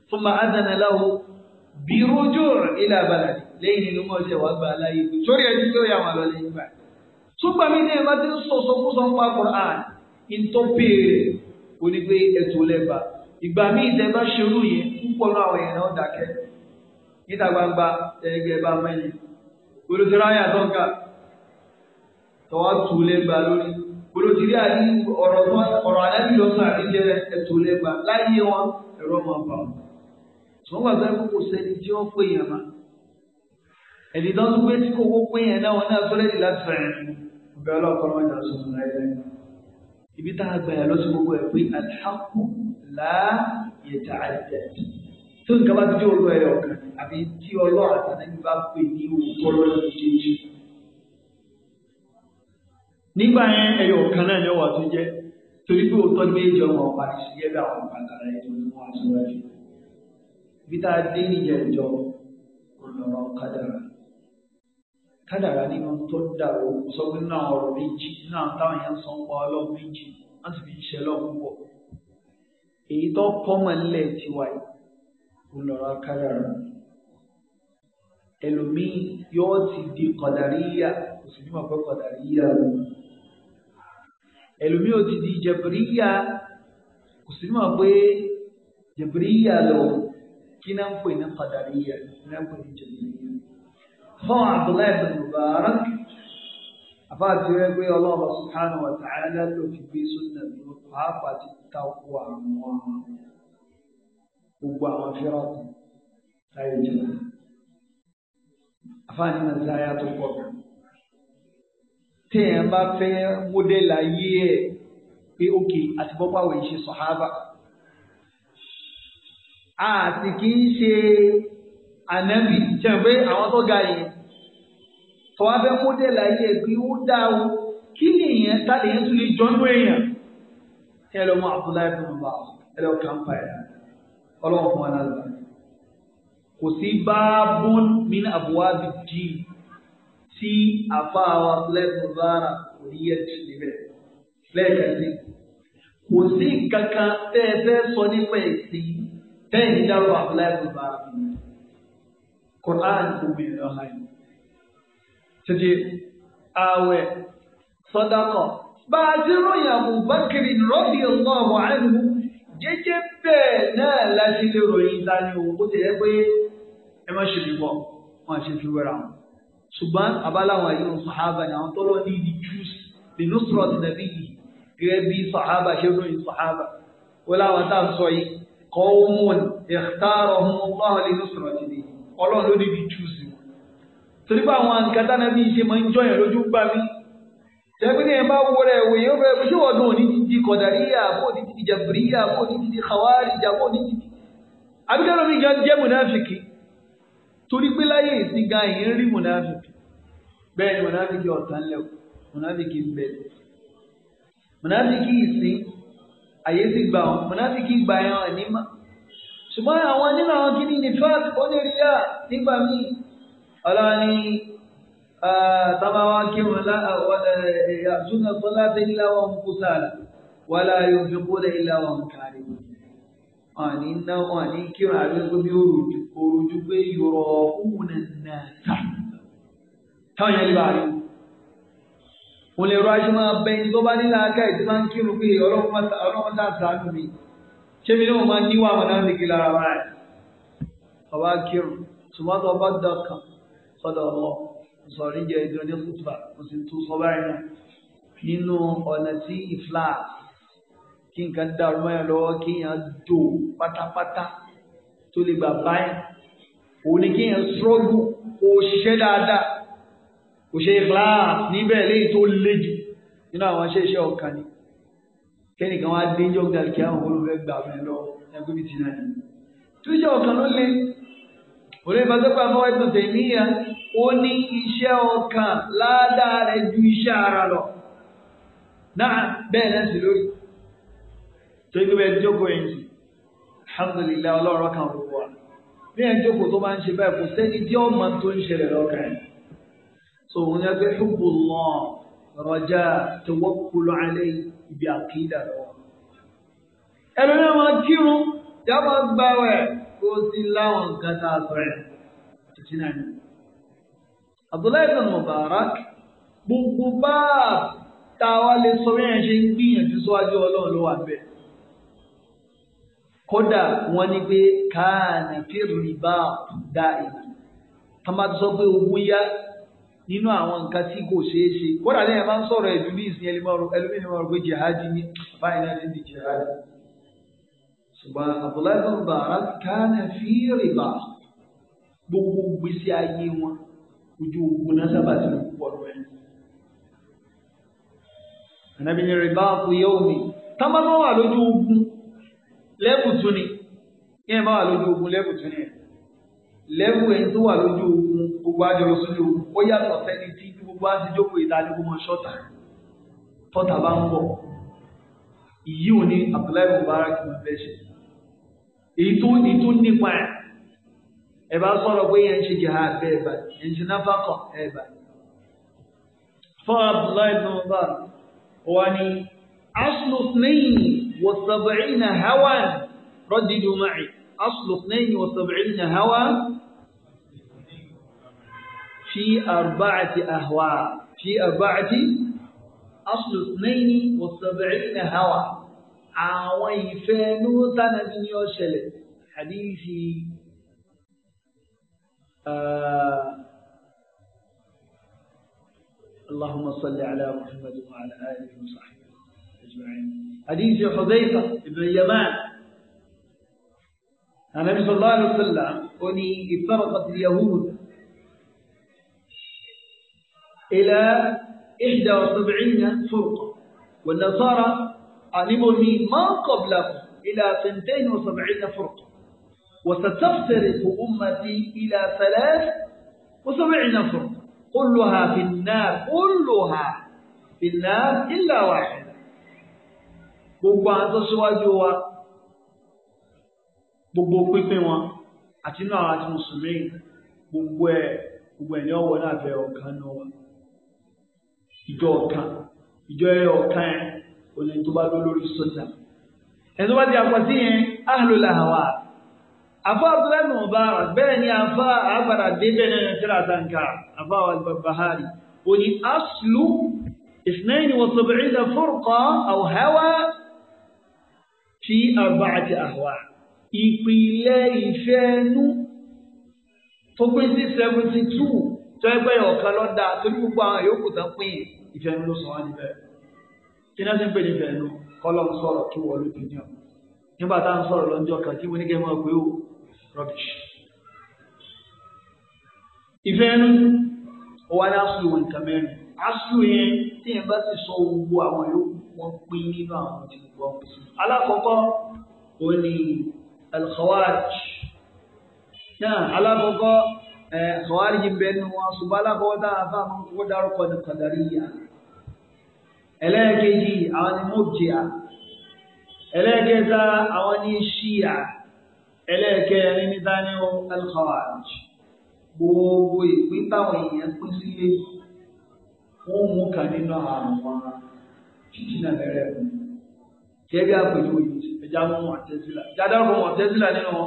fún ma ádánà láwo bí rojú ilẹ̀ abala lẹ́yìn nínú mọ́tẹ́ wàá gba aláyé ìgbé sórí rẹ ti pé ó yà wà lọ́lẹ́ ìgbà ṣùgbọ́n mi ní ẹ̀ma ti ń sọ sọkúsọ ń pa Quran ìtọ́ béèrè òní pé ẹ̀tọ́ lẹ́ba ìgbà míì tẹ bá ṣerú yẹn púpọ̀ náà àwọn èèyàn dákẹ́ níta gbangba ẹgbẹ́ bá mẹ́yìn olùsọ̀rọ̀ ayé àtọ́ka tọwọ́ tù lẹ́gba lórí olùdírí àní ọ̀rọ̀ tán ọ̀rọ̀ ànábì lọ́sàn àti jẹ́ ẹ̀tù lẹ́gba láyé wọn ẹ̀rọ máa bà wọn. ṣùgbọ́n gbàgbé kókò sẹ́ni tí wọ́n pè yàn máa ẹ̀dì tó tún pé tí kò kó pé yẹn náà wọn náà sọ́lẹ̀ ìdí láti fẹ̀rẹ̀ ọ̀bẹ ọlọ́kọ̀ọ́ máa jà sọ̀rọ̀ láyé ibi tá a gbà yà lọ́sọ̀ gbogbo ẹ̀ pé àtàkù láàyè tà tó nǹkan bá nígbà yẹn ẹyọ kan náà ni ọwà tó jẹ torí pé òótọ́ ní méjì ọmọ ọba ti ṣe yẹ́bí àwọn bàtà rẹ̀ tó ni wọ́n aṣọ rẹ̀ bí tá a dé níjẹ̀ ìjọ ọlọ́rọ̀ kádàrà kádàrà nínú tó dàrú sọ pé nínú àwọn ọ̀rọ̀ méjì nínú àwọn táwọn yẹn ń sọ pa ọlọ́run méjì wọ́n sì fi ń ṣe lọ́wọ́ púpọ̀ èyí tó kọ́mọ nílẹ̀ tiwa yìí ọlọ́rọ̀ kádàrà ẹlòmíì yóò ti di kọ̀dàríyà kò sì ní mọ̀ pé kọ̀dàríyà lòun ẹlòmíì ò ti di jẹbìríyà kò sí mọ̀ pé jẹbìríyà lọ kí náà ń pè ní kàdàríyà kí náà ń pè ní jẹbìríyà. fún Abdullahi bin Mubarak àfáàtì rẹ pé ọlọ́ọ̀bà subhanahu wa ta'ala ló fi gbé sunna mi pàápàá ti ta kó àwọn gbogbo àwọn fẹ́ràn láyé jẹ́ àfáàní náà sáyà tó pọ̀ kan téèyàn bá fẹ́ mọ́dẹ́lì ayé ẹ̀ pé òkè àti bọ́pá wẹ̀ ṣe sọ̀hábà. àti kì í ṣe ànábì ṣe pé àwọn tó ga yìí tọ́wá fẹ́ mọ́dẹ́lì ayé ẹ̀ pé ó dáa o kí ni èèyàn tá lèèyàn tún lè jọ́nú èèyàn ẹ lọ mọ Abdullahi bin Umar ẹ lọ kàn fà ẹ̀ ọlọ́run fún wa náà lọ kò sí báábùn min abwaabid din tí àfa wa lẹ́nu rárá kò ní yẹ jù níbẹ̀ bẹ́ẹ̀ kà sí. kò sí kankan tẹ́ ẹ fẹ́ sọ nípa ẹ̀sìn bẹ́ẹ̀ ni dárò àbúláyé rárá Quran kò bẹ̀rẹ̀ ọ̀la yìí. títí ààwẹ̀ sọ́dákọ̀ bá a ti ròyìn Abubakar radiyallahu anhu jẹ́jẹ́ bẹ́ẹ̀ náà láti lè ròyìn ta ni òun kó pé ẹ má ṣe lè bọ̀ wọ́n á ṣe fi wẹ́ra wọn ṣùgbọ́n abáláwọn yìí ń sọ̀hábà ni àwọn tọ́lọ́ ní ìdí jùs lè ló sọ̀rọ̀ ti nàbí yìí gẹ́gẹ́ bí sọ̀hábà ṣe ròyìn sọ̀hábà wọ́n láwọn tá à ń sọ yìí kọ́ wọn ìtààrọ̀ ọmọ ọlọ́run lè ló sọ̀rọ̀ ti nìyí ọlọ́run ló ní ìdí jùs wọn. torí pé àwọn nǹkan tá nàbí ṣe máa ń jọyàn lójú gbà mí tẹ́gbẹ́ni ẹ̀ bá wo rẹ̀ wò yóò fẹ́ ṣé wọ́n dùn ní ní láyé ìsìn gan yìí ń rí mùnáfíkì bẹ́ẹ̀ ni mùnáfíkì ọ̀tàn lẹ̀ mùnáfíkì ń bẹ̀ mùnáfíkì ìsìn àyè sì gbà wọn mùnáfíkì gbà yẹn ẹ̀ ní má ṣùgbọ́n àwọn nínú àwọn kìíní ní fat ó lè rí yá nígbà míì ọlọ́ni tábàwá kírun àtúnṣe fọlá tẹ́lẹ̀ láwọn kó sáà wàlá yóò fi kó lẹ́yìn láwọn kárí wọn wọn ní ná wọn ní kíra rẹ pé bí òròjú òròjú pé yọrọ òun náà ta táwọn yẹn lè bá rí o lè rọ aṣọ máa bẹyìn tó bá nílà aká ìdí máa ń kírun pé ọlọ́run tá a sàánú mi ṣé mi náà máa níwà àwọn náà nìkí lára wa rẹ ọba kírun ṣùgbọ́n ọba dọ̀kan sọ́dọ̀ ọ̀rọ̀ sọ̀rí jẹ́ ìdúró ní kùtùbà kò sì tún sọ báyìí náà nínú ọ̀nà tí ìfúláàsì kí nǹkan dàrú mọ́ yàn lọ́wọ́ kí yàn dò pátápátá tó lè gbà báyà òun ni kí yàn sọ́gù kò ṣiṣẹ́ dáadáa kò ṣe class níbẹ̀ léyìí tó le jù nínú àwọn iṣẹ́ iṣẹ́ ọ̀kan ni kẹ́nìkan wá dé jọ́ gàlí kí àwọn olùfẹ́ gbà mí lọ ẹgbẹ́ mi ti náà ni tó iṣẹ́ ọ̀kan ló le òun ìfà mọ́ ẹ̀sùn tèmíyà ó ní iṣẹ́ ọ̀kan ládàá rẹ̀ ju iṣẹ́ ara lọ náà bẹ́ẹ̀ náà sì lórí torí pé bẹ́ẹ̀ jókòó yẹn sì alhamdulilayi ọlọ́run kan gbogbo wa bí ẹ̀ jókòó tó bá ń ṣe báyìí kò sẹ́ni tí ọmọ tó ń ṣẹlẹ̀ lọ́kàn yẹn so òun yẹ pé hubbullah raja tawakkul alayhi ibi àkìdá lọ. ẹlòmíràn máa kírun yàrá gbàwẹ̀ kó sí láwọn nǹkan tá a sọ yẹn títí náà ni. Abdullahi bin Mubarak gbogbo bá táwa lè sọ bí yẹn ṣe ń gbìyànjú síwájú ọlọ́run ló wà bẹ́ẹ̀ kódà wọ́n ní pé káàní fi rìbá dá ìlú tó máa sọ pé owó yá nínú àwọn nǹkan tí kò ṣeé ṣe kódà lẹ́yìn máa ń sọ̀rọ̀ ẹ̀dùnmí ìsìn ẹlòmíì ni wọ́n rò pé jihadi ní báyìí náà ti di jihadi ṣùgbọ́n Abdullahi bin Mubarak fi rìbá gbogbo gbèsè ayé wọn ojú ogun náà sábà ti lè púpọ̀ lọ́wọ́ ẹ̀. Ànábìyẹn rìbá kò yẹ omi tá a máa wà lójú ogun lẹ́bù tún ni kí ẹ má wà lójú ogun lẹ́bù tún ni ẹ̀ lẹ́bù ẹni tó wà lójú ogun gbogbo àjọyọ̀ sójú ogun ó yàtọ̀ sẹ́ni tí gbogbo á ti jókòó ìdánilógún mọ́ ṣọ́tà tọ́tà bá ń bọ̀ ìyí ò ní Abdullahi Mubarak kì èyí tó ní tó nípa ẹ̀ ẹ̀ bá sọ̀rọ̀ pé yẹn ń ṣe jihad bẹ́ẹ̀ bá yẹn ń ṣe náfàkọ̀ ẹ̀ bá fọ́ Abdullahi Mubarak wà ní asùnù sneyin. وسبعين هوى رددوا معي أصل اثنين وسبعين هوى في أربعة أهواء في أربعة أصل اثنين وسبعين هوى عوي عويفانو تنبين يوشل حديثي آه اللهم صل على محمد وعلى آله وصحبه حديث حذيفة بن اليمان النبي صلى الله عليه وسلم أني افترقت اليهود إلى إحدى وسبعين فرقة والنصارى علمني ما قبلهم إلى ثنتين وسبعين فرقة وستفترق أمتي إلى ثلاث وسبعين فرقة كلها في النار كلها في النار إلا واحد gbogbo àwọn tó síwájú wa gbogbo pínpín wọn àti inú àwọn àti mùsùlùmí gbogbo ẹ gbogbo ẹ ní ọwọ́ náà fẹ ọ̀kan náà wa ìjọ ọ̀kan ìjọ ẹ ọ̀kan ẹ olè tó bá dó lórí sọjà ẹni wá di àpótí yẹn ahlul ahwa afa abdullahi mubarak bẹ́ẹ̀ ni afa agbada dé bẹ́ẹ̀ ni nàìjíríà tanka afa al-Barbahari oni aslu اثنين وسبعين فرقة أو هوى fi arba'ati ahwa ìpìlẹ̀ ìfẹ́ ẹnu tó pín sí seventy two tó ẹgbẹ́ ọ̀kan lọ́dà torí gbogbo àwọn yòókù tán pín ìfẹ́ ẹnu ló sọ wá níbẹ̀ kí náà ṣe ń pè ní ìfẹ́ ẹnu kọ́lọ́ ń sọ̀rọ̀ kí wọ́n ló ti yàn nígbà tá à ń sọ̀rọ̀ lọ́jọ́ kan tí mo ní kẹ́ máa gbé o rubbish. ìfẹ́ ẹnu ó wá ní asùlù wọn nǹkan mẹ́rin asùlù yẹn tí yẹn bá sì sọ gbogbo àwọn yòókù wọ́n pín nínú àwọn olùgbọ́. alákọ̀ọ́kọ́ òun ni alkhawarij náà alákọ̀ọ́kọ́ ẹ̀ khawarij bẹ́ẹ̀ ni wọ́n ṣùgbọ́n alákọ̀ọ́kọ́ tá a fà máa ń kó dárúkọ ní kọ̀dáríyà ẹlẹ́ẹ̀kejì àwọn ni mọ́bìjìyà ẹlẹ́ẹ̀kẹta àwọn ni ṣíyà ẹlẹ́ẹ̀kẹrin ní daniel alkhawarij gbogbo ìpín táwọn èèyàn pín sílé wọ́n mú kà nínú àwọn títí náà bẹ̀rẹ̀ fún un kẹ́bí àpèjúwe ẹja mú mọ̀tẹ́sílà jáde ọkọ̀ mọ̀tẹ́sílà nínú wọn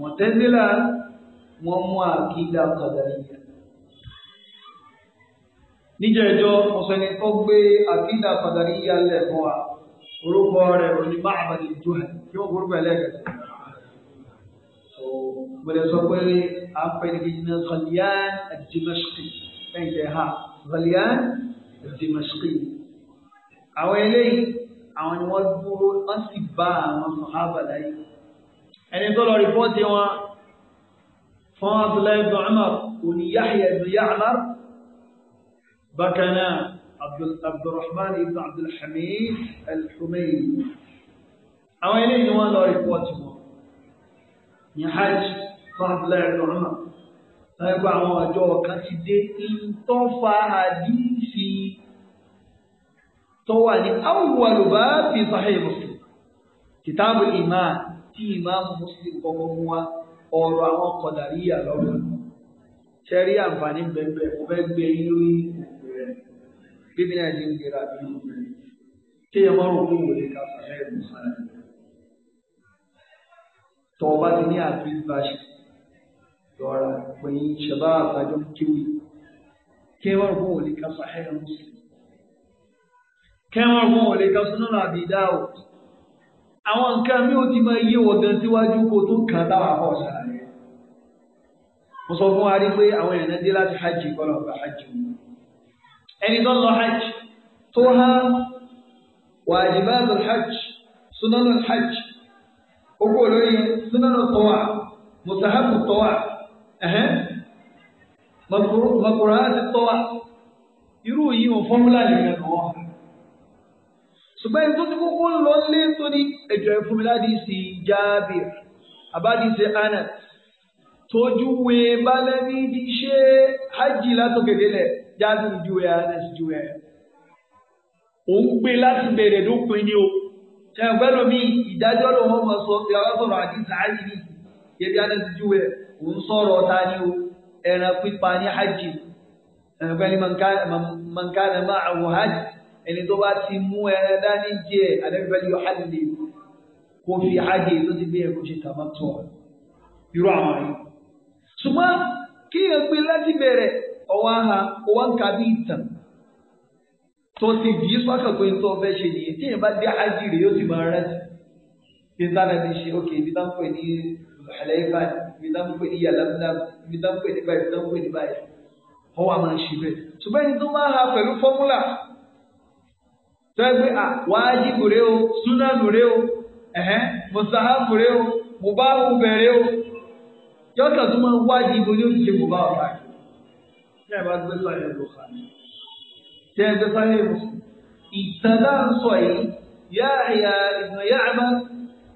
mọ̀tẹ́sílà wọn mú àkídà kọ̀dàríyà níjẹ́ ẹjọ́ ọ̀sẹ̀ni tó gbé àkídà kọ̀dàríyà lẹ́fọ́ wa orúkọ rẹ̀ òní máàbàdì jùlọ kí wọ́n gbórúkọ ẹlẹ́gẹ̀ẹ́sì gbọdọ̀ sọ pé à ń pè ní kí ní Ghaliyan al-Dimashqi ẹ̀jẹ̀ ha Ghaliyan al-Dimashqi àwọn eléyìí àwọn ni wọ́n dúró wọ́n sì bá àwọn sàhábà láyé ẹni tó lọ rìpọ́tì wọn fún abdullahi ibn umar òní yahya ibn ya'mar bákan náà abdulrahman ibn abdulhamid alhumayni àwọn eléyìí ni wọ́n lọ rìpọ́tì wọn ní hajj fún abdullahi ibn umar wọ́n gba àwọn ọjọ́ kan ti dé ń tọ́ fa àdí tó wà ní awwalu bab fi sahih muslim kìtàbù iman tí ìmáàmù muslim kọ́kọ́ mú wa ọ̀rọ̀ àwọn kọ̀dàríyà lọ́wọ́ ṣẹ́rí àǹfààní bẹ̀bẹ̀ mo fẹ́ gbé yín lórí bíbí náà ti ń gbéra bí kí ẹ má rò wòlé ká sahih muslim tó o bá ti ní àfíìs báṣẹ lọ́ra pé ṣẹ̀bá àtàjọ kí ẹ má rò wòlé ká sahih muslim kẹwọn ọgbọn wọlé kan sínú àbídá o àwọn nǹkan mi ò ti máa yé wọ gan síwájú kó tó kàn táwọn afọ ṣàlàyé mo sọ fún wa rí pé àwọn èèyàn dé láti hajj kọlọ ọgbà hajj ẹni tó lọ hajj tó há wàjibáàtò hajj sunanu hajj ó kó sunanu tọwà musahabu tọwà makura tọwà irú yìí wọn fọmúlà nìkan náà ṣùgbọ́n ẹni tó ti kókó ń lọ lé tó ní ẹjọ́ ẹ fún mi láti ṣe Jabir àbádìsẹ Anas tójú wé balẹ̀ ní ṣe hajj látòkè délẹ̀ Jabir juwe Anas juwe òun gbé láti bẹ̀rẹ̀ lópin ni o ṣàgbẹ́nu mi ìdájọ́ ló wọ́n mọ̀ sọ ìyàwó sọ̀rọ̀ àdìsẹ hajj ní yẹbi Anas juwe òun sọ̀rọ̀ ta ni o ẹran pípa ní hajj ẹ̀rọ pẹ́ẹ́lí mọ̀nkánà máa wọ hajj ẹni tó bá ti mú ẹran dání díẹ̀ àdẹ́fẹ́lẹ́ ọ̀hánilè kó fi àjẹ tó ti gbé yẹn kó ṣe tàmátọ̀ irú àwọn yìí. ṣùgbọ́n kí yẹn gbé láti bẹ̀rẹ̀ ọwọ́ ha ọwọ́ ń ka bí ìtàn tó ti dì í sọ́kàn pé tó fẹ́ ṣe nìyẹn tí yẹn bá dé àjì rẹ̀ yóò ti máa rántí. ìtàn àti ṣe òkè ibi tá ń pè ní àlẹ́fà ibi tá ń pè ní yàlámúlá ibi tá ń pè ní báyìí ibi tá ń pè ní báyìí ọwọ́ àmọ́ ṣe bẹ́ẹ̀ ṣùgbọ́n ẹni tó máa ha pẹ̀lú fọ́múlà tẹ́gbẹ́ à wájibù rẹ o súnánù rẹ o ẹ̀hẹ́n mùsàhábù rẹ o mùbáwù bẹ̀rẹ̀ o yọ̀tọ̀ tó máa ń wájú ibo ní oṣù mùbáwù báyìí tí a bá gbé sọ́yìn olùkọ́ tí a gbé sọ́yìn olùkọ́ ìtàlá ń yìí yáàyà ibn Ya'ma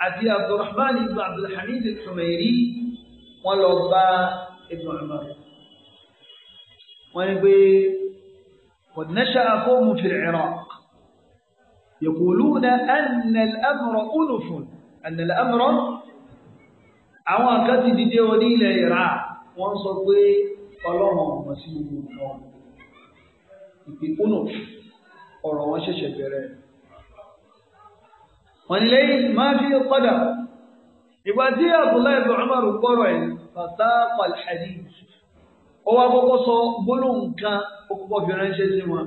àti abdulrahman ibn abdulhamid al-Humayri lọ bá ibn Umar wọ́n ní pé qad nasha'a qawmun fil Iraq. يقولون أن الأمر أنف أن الأمر àwọn àkàtì dìde orí ilẹ̀ ìrà wọ́n sọ pé ọlọ́run ọmọ sí gbogbo nǹkan ìpè kúnnù ọ̀rọ̀ wọn ṣẹ̀ṣẹ̀ bẹ̀rẹ̀. wọ́n ní lẹ́yìn máa fi padà ìgbà tí abdullahi bin umar gbọ́rọ̀ ẹ̀ bàtà pàlhàdì ó wá kọ́kọ́ sọ gbólóhùn kan ó kọ́kọ́ fi ránṣẹ́ sí wọn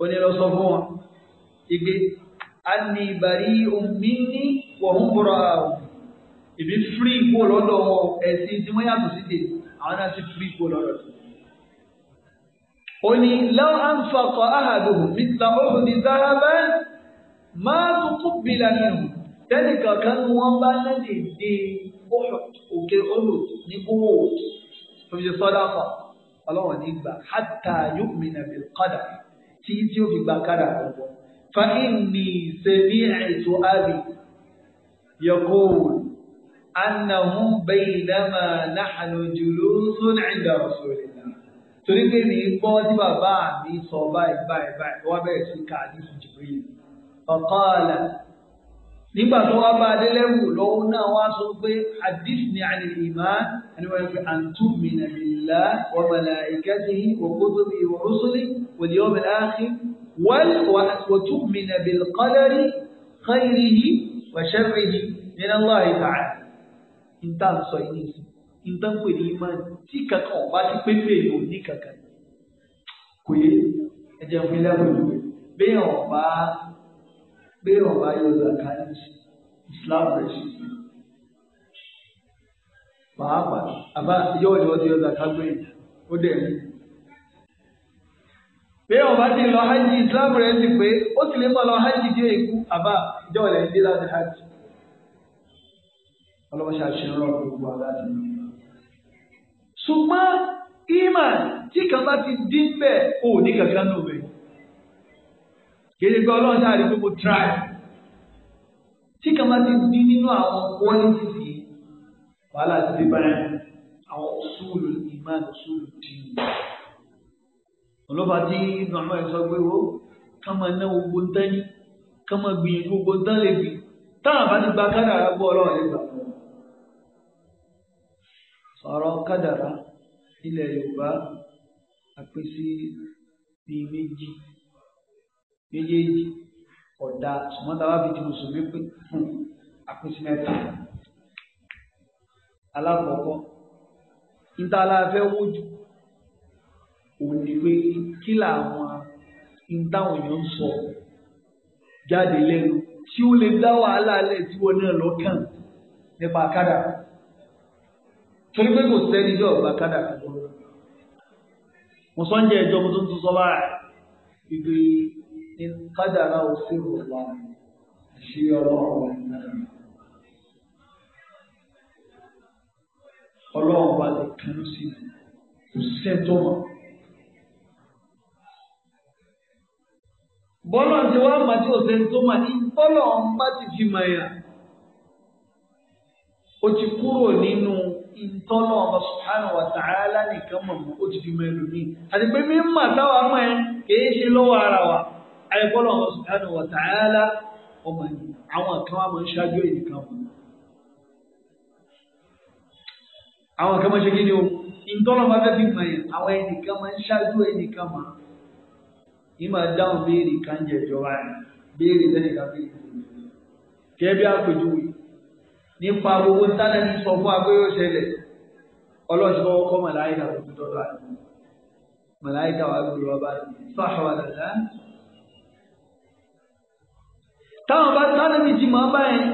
ó ní lọ sọ fún wọn igbe anni bari'un minni wa hum bura'u èmi firi kó lọ́dọ̀ wọn ẹ̀sìn tí wọ́n yàtọ̀ sí tèmi àwọn náà ti firi kó lọ́dọ̀ sí. òní law anfaqa ahaduhum mithla uhudi dhahaban ma tuqbila minhu tẹ́lẹ̀ kankan ni wọ́n bá lẹ́dẹ̀ dé òkè Uhud ní owó tóbi sadaqa ọlọ́wọ̀n ní gbà hatta yu'mina bil qadar tí tí ó fi gba kádà gbọ́. فإني سمعت أبي يقول أنه بينما نحن جلوس عند رسول الله torí pé mi gbọ́ tí bàbá mi sọ báyìí báyìí báyìí wọ́n bẹ̀rẹ̀ sí ká àdìsí Jibril ọ̀kọ́ọ̀là nígbà tó wá bá adélẹ́wù lọ́wọ́ náà wá sọ pé àdìsí ni àlè ìmá ẹniwọ̀n fi àǹtú mìnà bìlá wa malaikatihi wa kutubihi wa rusulihi wal yawmil akhir وتؤمن بالقدر خيره وشره من الله تعالى n tá à ń sọ yìí nìyí n tá ń pè ní imáàni tí kankan ọba ti pé bẹ́ẹ̀ ló ní kankan kò yé ẹjẹ ń pínlẹ̀ pẹ̀lú bẹ́ẹ̀ ọba bẹ́ẹ̀ ọba yóò lọ àkáyé Islam rẹ̀ ṣe pàápàá àbá yóò yọ ọdún yóò lọ àkágbé ó dẹ̀ rí pé ọba ti lọ hajj islam rẹ ti pé ó sì lè máa lọ hajj dé èkú àbá ìjọ rẹ dé láti hajj ọlọ́mọṣẹ́ àṣírọ́ gbogbo aláàdì ṣùgbọ́n ìmà tí kan bá ti dín bẹ́ẹ̀ ò ní kankan náà bẹ́ẹ̀ kéde pé ọlọ́run ṣáà rí pé try tí kan bá ti dín nínú àwọn qualities yìí wàhálà ti dé báyìí àwọn sùúrù ìmà sùúrù dín nù ọlọ́ba tí màmá ẹ̀ sọ pé wo ká máa ná gbogbo ń tẹ́ ní ká máa gbìyànjú gbogbo ń tán lè bì táwọn bá ti gba kádàrá gbọ́ ọlọ́run lè gbà fún wọn. sọ̀rọ̀ kádàrá ilẹ̀ Yorùbá àpèsè bíi méjì méjèèjì ọ̀dà ṣùgbọ́n tá fi ti mùsùlùmí pé fún àpèsè mẹ́ta alákọ̀ọ́kọ́ níta la fẹ́ wójú òun ni pé kí làwọn ń táwọn èèyàn ń sọ jáde lẹ́nu tí ó lè dá wàhálà lẹ̀ tí wọ́n náà lọ́kàn nípa kádà torí pé kò sẹ́ni yóò gba kádà kankan mo ẹjọ́ mo tó tún sọ báyìí ìgbé kádà náà ó sì rò wá ṣe ọlọ́run ọlọ́run wa lè kánú sí i kò sẹ́ńtọ́ mọ́. bọ́lọ̀ ti wá mà tí òsè tó mà ní bọ́lọ̀ bá ti fi mà yà ó ti kúrò nínú ìtọ́nà ọba subhanahu wa ta'ala nìkan mọ̀ mọ́ ó ti fi mà ẹlòmíì àti pé mi mà táwa mọ̀ ẹ́ kìí ṣe lọ́wọ́ ara wa ayé bọ́lọ̀ ọba subhanahu wa ọmọ yìí àwọn kan wà máa ń ṣáájú èyí kan mọ̀ àwọn kan máa ṣe kí ni o ìtọ́nà ọba fẹ́ fi mà yà àwọn ẹnìkan máa ń ṣáájú ẹnìkan mọ̀ ìmọ̀ dáhùn béèrè kan jẹ ìjọba rẹ̀ béèrè lẹ́yìn ká béèrè fún mi. Kẹ́ bí àpèjúwe nípa gbogbo tálẹ́ǹtì sọ fún agbóyò ṣẹlẹ̀ ọlọ́run ti fọwọ́ kọ́ màláìka tó ti dọ́dọ̀ àti màláìka wà gbé wa bá sọ àwọn àdàdà. Táwọn bá tálẹ́ǹtì ti máa bá yẹn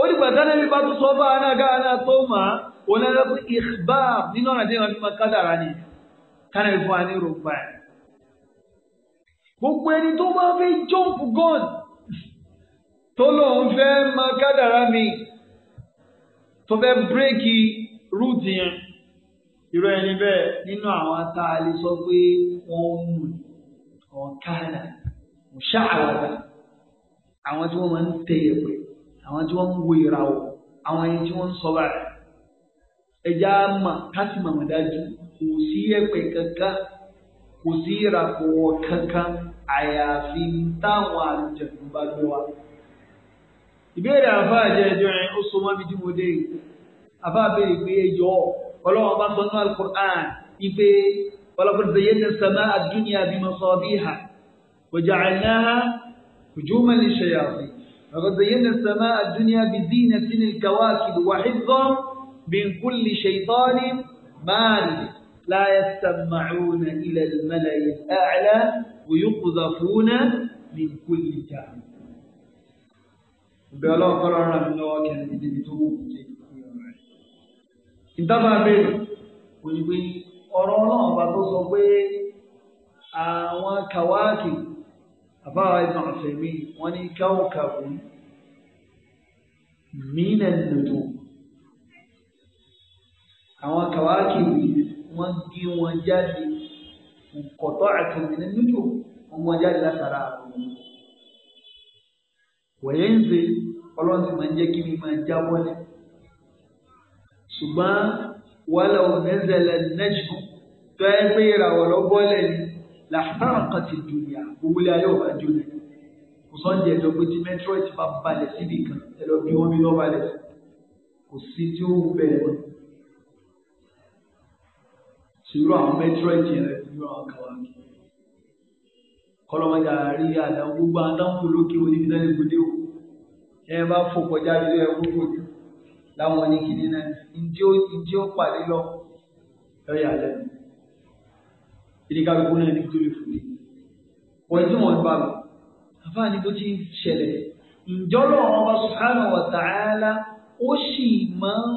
ó dìgbà tálẹ́ǹtì bá tún sọ bá anága aná tó máa òun náà ìgbà nínú ọ̀nà tí gbogbo ẹni tó bá fẹ́ jump God tó lóun fẹ́ máa kádàrá mi tó fẹ́ bírèkì rúùtì yẹn irú ẹni bẹ́ẹ̀ nínú àwọn tá a lè sọ pé wọ́n ń mú ọ̀kadà ṣáàlàdà àwọn tí wọ́n máa ń tẹ ẹ̀pẹ̀ àwọn tí wọ́n ń wo ìràwọ̀ àwọn ẹni tí wọ́n ń sọ báyìí ẹja mà káàsì màmá dájú kò sí ẹ̀pẹ̀ kankan kò sí ìràpọ̀ kankan àyàfi táwọn àjẹ̀kùn bá gbé wa. ìbéèrè àfa àjẹjọ ẹ̀ ó so mọ́ mi tí mo dé àfa béèrè pé ẹjọ́ ọlọ́wọ́n bá sọ ní alukur'an ipe ọlọ́kùn zèyé ní sàmá àdúnyà bí mo sọ bí ha wòjà àyà hujúmọ̀ ní ṣèyàfi ọlọ́kùn zèyé ní sàmá àdúnyà bí dínà sínú kawákìlì wàhíìzọ́ bí nkúlì ṣèyítọ́ni máàlì. لا يستمعون إلى الملأ الأعلى ويقذفون من كل جانب bẹ́ẹ̀ lọ́wọ́ kọ́ra ara mi lọ́wọ́ kẹ́ni ní ibi tó wù jẹ́ ìdábàá béèrè òyìnbó ọ̀rọ̀ ọlọ́run ọba tó sọ pé àwọn kàwáàkì àbáwá ibn Uthaymeen wọ́n ní káwọ́kàwọ́ mí nà nìdó àwọn kàwáàkì yìí wọ́n gé wọn jáde nkọ̀tọ́ àtúndínlẹ́ níjò wọ́n wọn jáde látara àrùn wọ̀nyẹ́ ń ṣe ọlọ́run ti máa ń jẹ́ kí mi máa já wọlé ṣùgbọ́n wàhálà òmẹ́sẹ̀lẹ̀ nẹ́jù tó ẹ pé ìràwọ̀ lọ́gbọ́lẹ̀ ni làtàrà kan ti dùnìyà òwúlẹ̀ ayé ọ̀bá jóná kò sọ́njẹ́ ẹ̀dọ́ pé tí mẹ́tírọ̀tì bá balẹ̀ síbi kan ẹ̀dọ́ bí wọ́n bí lọ́ balẹ̀ kò sí tí ó wù bẹ́ẹ̀ lọ́wọ́ sùúrù àwọn mẹtírọ̀tì rẹ sùúrù àwọn kàwáàkì kọlọmọdé àárí àdáwọ gbogbo àdáwọ lókè oníbi lẹ́yìn gbòdé o ẹ bá fò kọjá lórí ẹ gbogbo jù láwọn oníkìní náà ǹjẹ́ ó ǹjẹ́ ó pàdé lọ lọ́yà lẹ́nu ìdíkàlùkù náà ní tó lè fún mi wọ́n tí wọ́n bá lọ àfáàní tó ti ṣẹlẹ̀ ǹjọ́lọ́ ọba subhanahu wa ta'ala ó sì máa ń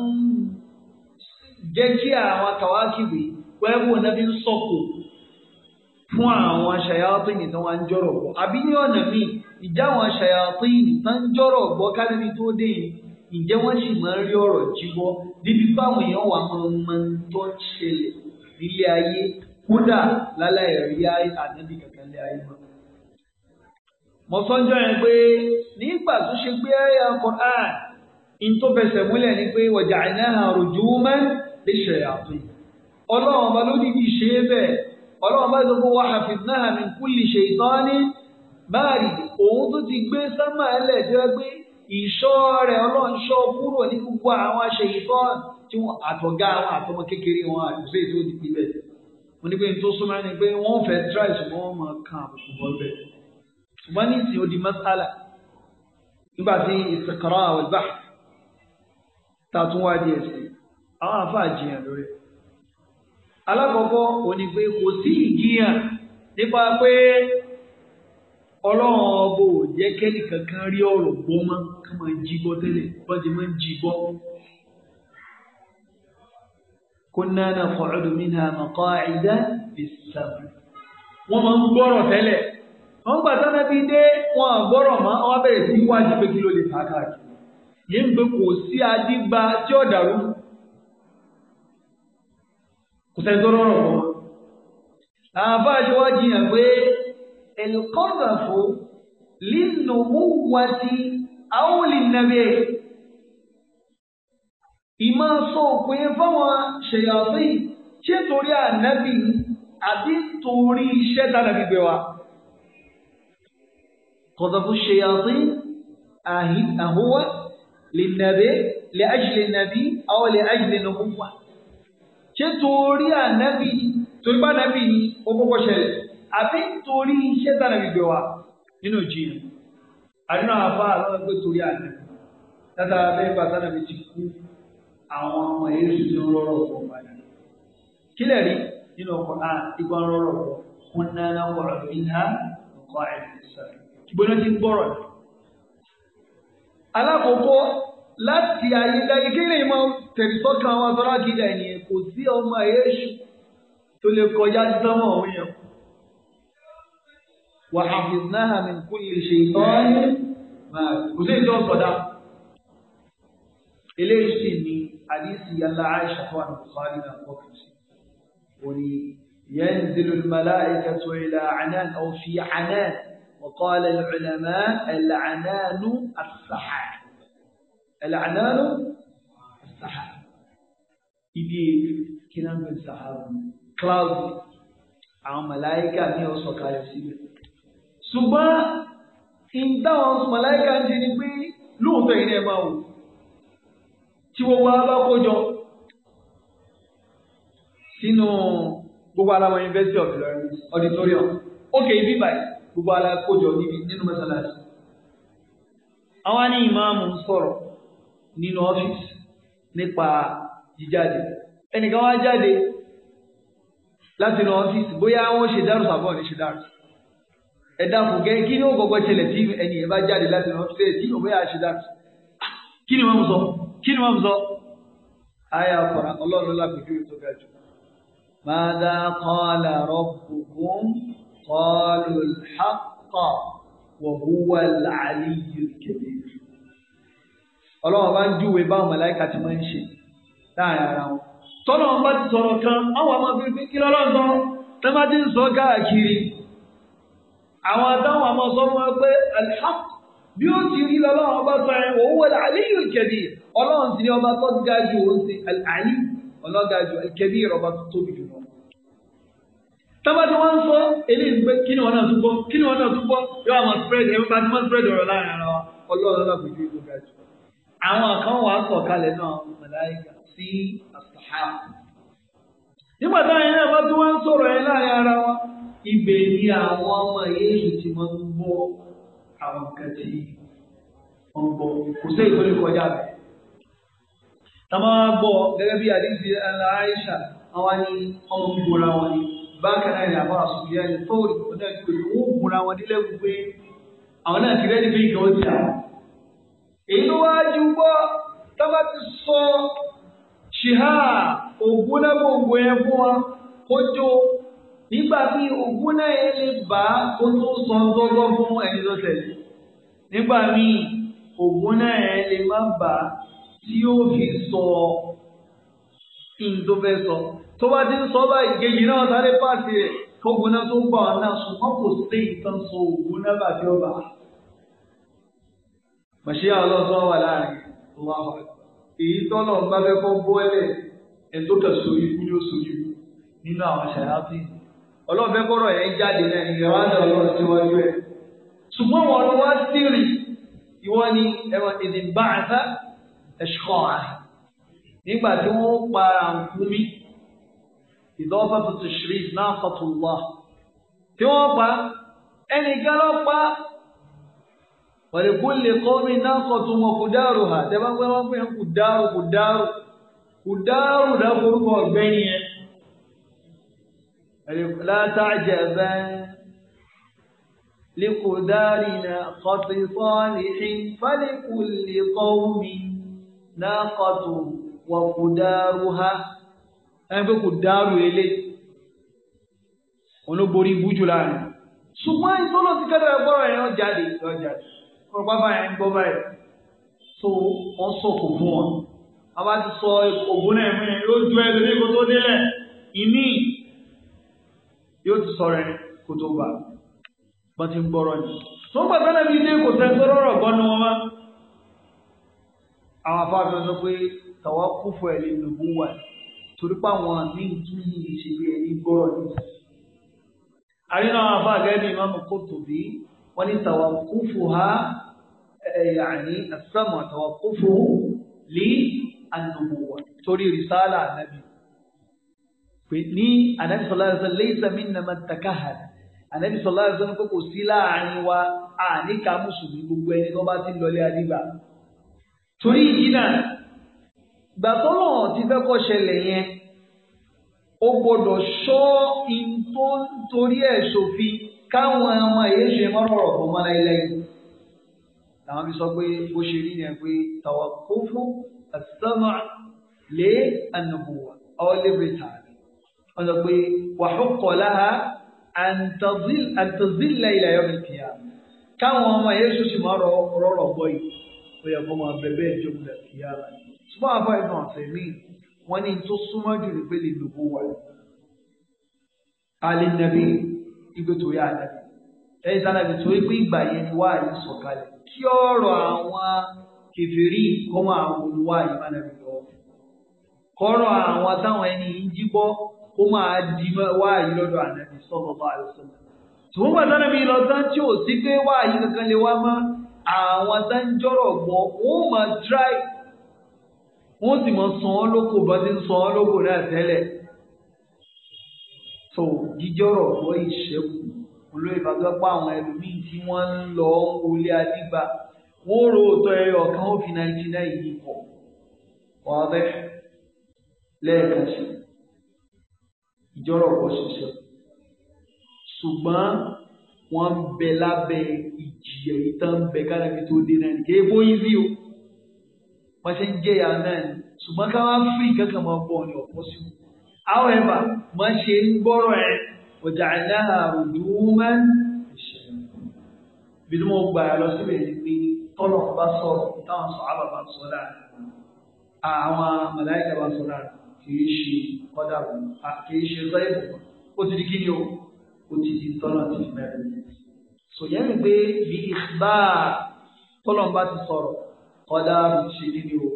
jẹ́ kí àwọn kàwáàkì bèè wẹ́wù náà fi ń sọ̀kò fún àwọn aṣayàtìnì tó wá ń jọ̀rọ̀ bọ̀ àbí ní ọ̀nà míì ìjà àwọn aṣayàtìnì tó ń jọ̀rọ̀ bọ̀ kálíbi tó dé ìjẹ́ wọ́n sì máa ń rí ọ̀rọ̀ jíbọ́ débi báwọn èèyàn wà máa ń mọ tó ń ṣẹlẹ̀ nílé ayé kódà láláì rí ànábì kankan lé ayé mọ́. mo sọ́njọ́ yẹn pé nígbà tó ṣe gbé ẹ̀yà Qur'an in tó múlẹ̀ ni pé waja'naha rujuman ọlọ́run ọba ló dìdí ṣe é bẹ́ẹ̀ ọlọ́run bá sọ pé wà á fi náà min kulli shaytani báàrí òun tó ti gbé sámà ẹlẹ̀ tí wọ́n gbé ìṣọ́ rẹ̀ ọlọ́run ṣọ́ kúrò ní gbogbo àwọn aṣẹ ìṣọ́ tí wọ́n àtọ̀gá àwọn àtọmọ kékeré wọn àtúnṣe tó di níbẹ̀ mo ní pé n tó súnmọ́ ni pé wọ́n fẹ́ tíráì ṣùgbọ́n wọ́n máa kan àbùkù bọ́ bẹ́ẹ̀ alákọ̀ọ́kọ́ òní pé kò sí ìjiyàn nípa pé ọlọ́run ọbọ̀ ò jẹ́ kẹ́lì kankan rí ọ̀rọ̀ gbọ́ mọ́ ká máa jí gbọ́ tẹ́lẹ̀ ti máa ń jí wọ́n máa ń gbọ́rọ̀ tẹ́lẹ̀ wọ́n gbà wọn àgbọ́rọ̀ mọ́ wọn bẹ̀rẹ̀ sí wájú pé kí ló lè fà á káàkiri. yìí ń kò sí tí kò sẹ́ni tó rọrùn fún wọn. àbájọ wa jiyàn pé ẹ̀lkọ́sàfò lẹ́nuwó wa ti àwòlì nàbẹ̀. ìmọ̀ sọ òpin fáwọn ṣèyàsí ṣé torí ànábì àbí torí iṣẹ́ tá a nàbí gbé wa. قذف الشياطين أهو للنبي لأجل النبي أو لأجل النبوة ṣé torí ànábì torí bá ànábì ni ó kọ́kọ́ ṣẹlẹ̀ àbí torí iṣẹ́ tànàbì gbé wa nínú ìjìyàn àdúrà àbá àlọ́ pé torí ànábì látara bẹ́ẹ̀ bá tànàbì ti kú àwọn ọmọ èyí ti ń rọrọ̀ ọ̀pọ̀ padà kílẹ̀ rí nínú ọkọ̀ náà ìgbà ń rọrọ̀ ọ̀pọ̀ wọn náà náà wọ̀rọ̀ àìsàn ìgbóná ti ń gbọ́rọ̀ ni. alákòókò láti ayé dájú lè mọ tẹ̀síọ́kàn wa sọ́ra kí dà ní kò sí ọmọ èéṣù tó lè kọjá sánmọ̀ òun yẹn. وحفظناها من كل شيطان مارد وزي دون صدا إليش تني حديث يلا عائشة وعن بخاري وني ينزل الملائكة إلى عنان أو في عنان وقال العلماء العنان السحاب العنان السحاب ilé kílámẹ̀ sàárù cloud àwọn màláìkà ní ọ̀sọ̀ kalẹ̀ síbẹ̀. ṣùgbọ́n ìgbà àwọn ń ṣe ni pé lóòótọ́ yìí ni ẹ máa wò tí gbogbo ara bá kó jọ sínú gbogbo ara wọn university of Ilorin auditorium ok ibi báyìí gbogbo ara kó jọ níbi nínú mọ́sálásí. àwọn ní ìmáàmù sọ̀rọ̀ nínú ọ́fíìsì nípa jíjáde ẹnìkan wá jáde láti lọ ọ́fíìsì bóyá wọ́n ṣe dárò sàbọ̀ ní ṣe dárò ẹ̀dá kò gẹ́ kí ni ó gbọ́gbọ́ ṣẹlẹ̀ tí ẹnì yẹn bá jáde láti lọ ọ́fíìsì tí òbí àṣẹ dárò kí ni wọ́n sọ kí ni wọ́n sọ. àyà ọ̀pọ̀ra ọlọ́run lápẹ̀jú tó ga jù. ماذا قال ربكم قالوا الحق وهو العلي الكبير ọlọ́run bá ń júwe báwọn mọ̀láìkà ti máa ń ṣe láàrin ara wọn. tọ́lọ̀ wọn bá ti sọ̀rọ̀ kan àwọn ọmọ bíi pé kí lọ́lọ́sọ tó bá ti ń sọ káàkiri. àwọn àtàwọn ọmọ sọ fún wọn pé alhaq bí ó ti rí lọ́lọ́run ọba sọ yẹn òun wọlé aliyu kẹbi ọlọ́run sì ni ọba tó ga ju òun sí ali ọlọ́ga ju kẹbi ọba tó tóbi jù lọ. tọ́ba wọ́n ń sọ eléyìí pé kí ni wọ́n náà tún bọ́ kí ni wọ́n náà tún bọ́ yóò àwọn spread ẹ̀rọ bá ti máa spread ọ̀rọ̀ láàrin ara wa ọlọ́run ọlọ́run kò ju ìlú ga jù àwọn kan wà sọ̀kalẹ̀ náà màláíkà sí àṣàhà. nígbà táwọn yẹn náà bá tún wá ń sọ̀rọ̀ yẹn láàrin ara wọn ibẹ̀ ni àwọn ọmọ yéésù ti máa ń gbọ́ àwọn kan tí wọ́n gbọ́ kò sí ìtòlè kọjá bẹ́ẹ̀. tàmá gbọ́ gẹ́gẹ́ bí àdìsí ẹ̀la Aisha àwọn ni ọmọ gbòòrà wọn ni bákan náà ni àbá àṣùbíyá ni tóòrì ọ̀dọ́ ìpè owó gbòòrà wọn nílẹ̀ gbogbo àwọn náà ti rẹ́ni bí nǹkan ó ti àwọn èyí ló wájú gbọ́ tábà ti sọ ṣìhá ògùn náà gbogbo ẹ fún wa kó jó nígbà tí ògùn náà yẹn lè bá kó tó sọ gbọ́gbọ́ fún ẹni tó tẹ̀lé nígbà míì ògùn náà yẹn lè má bà tí yóò fi sọ ìyìn tó fẹ́ sọ tó bá ti ń sọ bá ìkejì náà sáré pàṣẹ kógun náà tó gbà wọn náà ṣùgbọ́n kò sí ìtàn sọ ògùn náà bàtí ọba màṣíyà ọlọ́run tó wà láàrin wà wà èyí tọ́lọ̀ ń bá fẹ́ kọ́ bọ́ẹ̀lẹ̀ ẹ̀ tó kẹ̀ sórí ikú yóò sórí ikú nínú àwọn ṣàyàtì ọlọ́run fẹ́ kọ́rọ̀ yẹn jáde náà ìyẹn wá ní ọlọ́run síwájú ẹ̀ ṣùgbọ́n wọn ni wọ́n ti rì ìwọ ni ẹ̀rọ ìdìbà àtà ẹ̀ṣọ́ à nígbà tí wọ́n pa àǹkúmi ìdọ́fà wàlẹ́kùnlé kọ́mí náà kọ̀tún wọn kò dáàrò hà tẹ́ bá ń pẹ́ wọ́n pẹ́ kò dáàrò kò dáàrò kò dáàrò dáàbòrúkọ ọ̀gbẹ́ni yẹn. látàjẹ̀bẹ́ lẹ́kọ̀dárìnà kọ̀tìfọ́nìṣì fàlẹ́kùnlé kọ́mí náà kọ̀tún wọn kò dáàrò hà ẹni pé kò dáàrò ilé wọn ló borí ibú jù láàrin ṣùgbọ́n ìtọ́lọ́sí kẹ́lẹ́ ẹgbọ́rọ̀ yẹn jáde lọ́jáde wọn bá báyìí ń gbọ́ báyìí so wọ́n sọ̀kò fún wọn wọ́n bá ti sọ ògùn náà fún yẹn yóò ju ẹ kó tó délẹ̀ ìní yóò ti sọ rẹ kó tó gbà bọ́n ti ń gbọ́rọ̀ ni tó ń gbàgbọ́ náà bí ilé kò tẹ́ tó rọrọ̀ gbọ́ ni wọ́n má àwọn afáàfin sọ pé tàwa kú fún ẹ̀ lè lògùn wà torí pé àwọn àmì ìtúyìn ìṣèlú ẹ̀ ní gbọ́rọ̀ nìyí àrínà àwọn afáàgẹ́ ní ìmáàmù kò tóbi wọ́n ní tàwa kú fún ha يعني السمع توقفه للنبوة توري رسالة عن النبي ní anabi sọlá ẹsẹ lẹsẹ mi nàmà takahad anabi sọlá ẹsẹ ní kókò sí láàrin wa àní ká mùsùlùmí gbogbo ẹni tó bá ti ń lọlé àdìgbà. torí ìdí náà gbàtọ́ náà ti fẹ́ kọ́ ṣẹlẹ̀ yẹn ó gbọ́dọ̀ ṣọ́ in tó ń torí ẹ̀ ṣòfin káwọn ọmọ yẹn ṣe mọ́rọ̀ ọ̀pọ̀ mọ́ láéláé làwọn fi sọ pé bó ṣe rí yẹn pé tàwọn kó fún àtàmà lé ànàbùwà ọlẹ́bẹ̀tà wọn sọ pé wàhùkọ̀lá àǹtàzílẹ̀ ilẹ̀ ayọ́mi tìyà káwọn ọmọ yẹn sọ sì máa rọrọ̀ bọ́ yìí ó yẹ kó máa bẹ bẹ́ẹ̀ jẹ́ òun lẹ́sìn yára ṣùgbọ́n àbá ọ̀sẹ̀ míì wọ́n ní tó súnmọ́ jù ní pé lè lògbó wà. alẹ́ nàbí ibi tó yá nàbí ẹ̀yìn sáà nàbì sọ wípé ìgbà yẹn ni wáyé sọ̀kalẹ̀ kí ọ̀rọ̀ àwọn kẹfìrí kọ́mọ àwọn olùwáyé má nàbì lọ kọ́rọ̀ àwọn táwọn ẹni yìí jí bọ́ kó máa di wáyé lọ́dọ̀ ànàbì sọ́kọ̀ bá a sọ tòun bá sànàbì lọ tán tí ò sí pé wáyé kankan lè wá mọ́ àwọn tá ń gbọ́ wọ́n máa dry wọ́n sì máa sàn án lóko bá ti ń án lóko náà tẹ́lẹ̀ tó jíjọ́rọ̀ gbọ́ ìṣẹ́kù ló ìbàdàn pa àwọn ẹlòmíín tí wọ́n ń lọ wọlé adígba wọ́n rò ó tọ́ ẹyọ kan ó fi náírà náà yí pọ̀ wọ́n bẹ́ lẹ́ẹ̀kan sí ìjọ́rọ̀ pọ̀ ṣiṣẹ́ ṣùgbọ́n wọ́n ń bẹ lábẹ́ ìjìyà yìí tán ń bẹ kálẹ̀bí tó dé náà nìkan ebó yín sí o wọ́n ṣe ń jẹ̀yà náà ni ṣùgbọ́n ká fún ìkankan máa bọ̀ ní ọ̀pọ̀ sí o however wọ́n ṣe ń gbọ́rọ̀ ẹ̀. وجعلناها رجوما للشياطين بدون مبالغة لو سمعت tọ́lọ̀ bá sọ táwọn sọ̀hábà bá sọ láàrin àwọn màláíkà bá sọ láàrin kìí ṣe kọ́dà kìí ṣe zaibu ó ti di kí ni o ó ti di tọ́lọ̀ ti fi mẹ́rin. sòyẹ́ mi pé bí ìgbà tọ́lọ̀ bá ti sọ̀rọ̀ kọ́dà kò ṣe kí ni o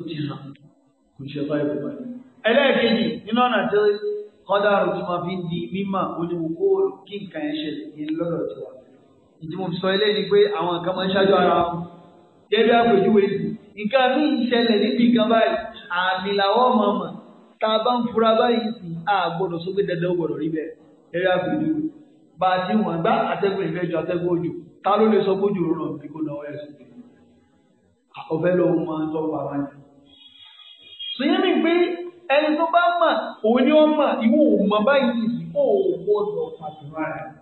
ó ti hàn kò ṣe zaibu báyìí. ẹlẹ́ẹ̀kejì nínú ọ̀nà tí kọ́dàrú tí wọ́n fi ń di mímọ̀ oníwòkó kí nǹkan yẹn ṣẹlẹ̀ ní lọ́dọ̀ tí wọ́n. ìdí mo sọ eléyìí ni pé àwọn nǹkan máa ń ṣáájú ara wọn. gẹ́gẹ́ àpèjúwe nǹkan mi ń ṣẹlẹ̀ níbi nǹkan báyìí àmì làwọn ọmọ ọmọ tá a bá ń fura báyìí sí a gbọ́dọ̀ sókè dandan gbọ́dọ̀ rí bẹ́ẹ̀ gẹ́gẹ́ àpèjúwe bá a ti wọ̀n gbá atẹ́gùn ìfẹ́ atẹ́gùn òjò ta ló lè sọ bójú rọrùn bí kò ẹni tó bá mọ̀ òun ni ó mọ̀ ìwọ ò mọ̀ báyìí sí kó o gbọ́dọ̀ pàtìmọ́ ara rẹ̀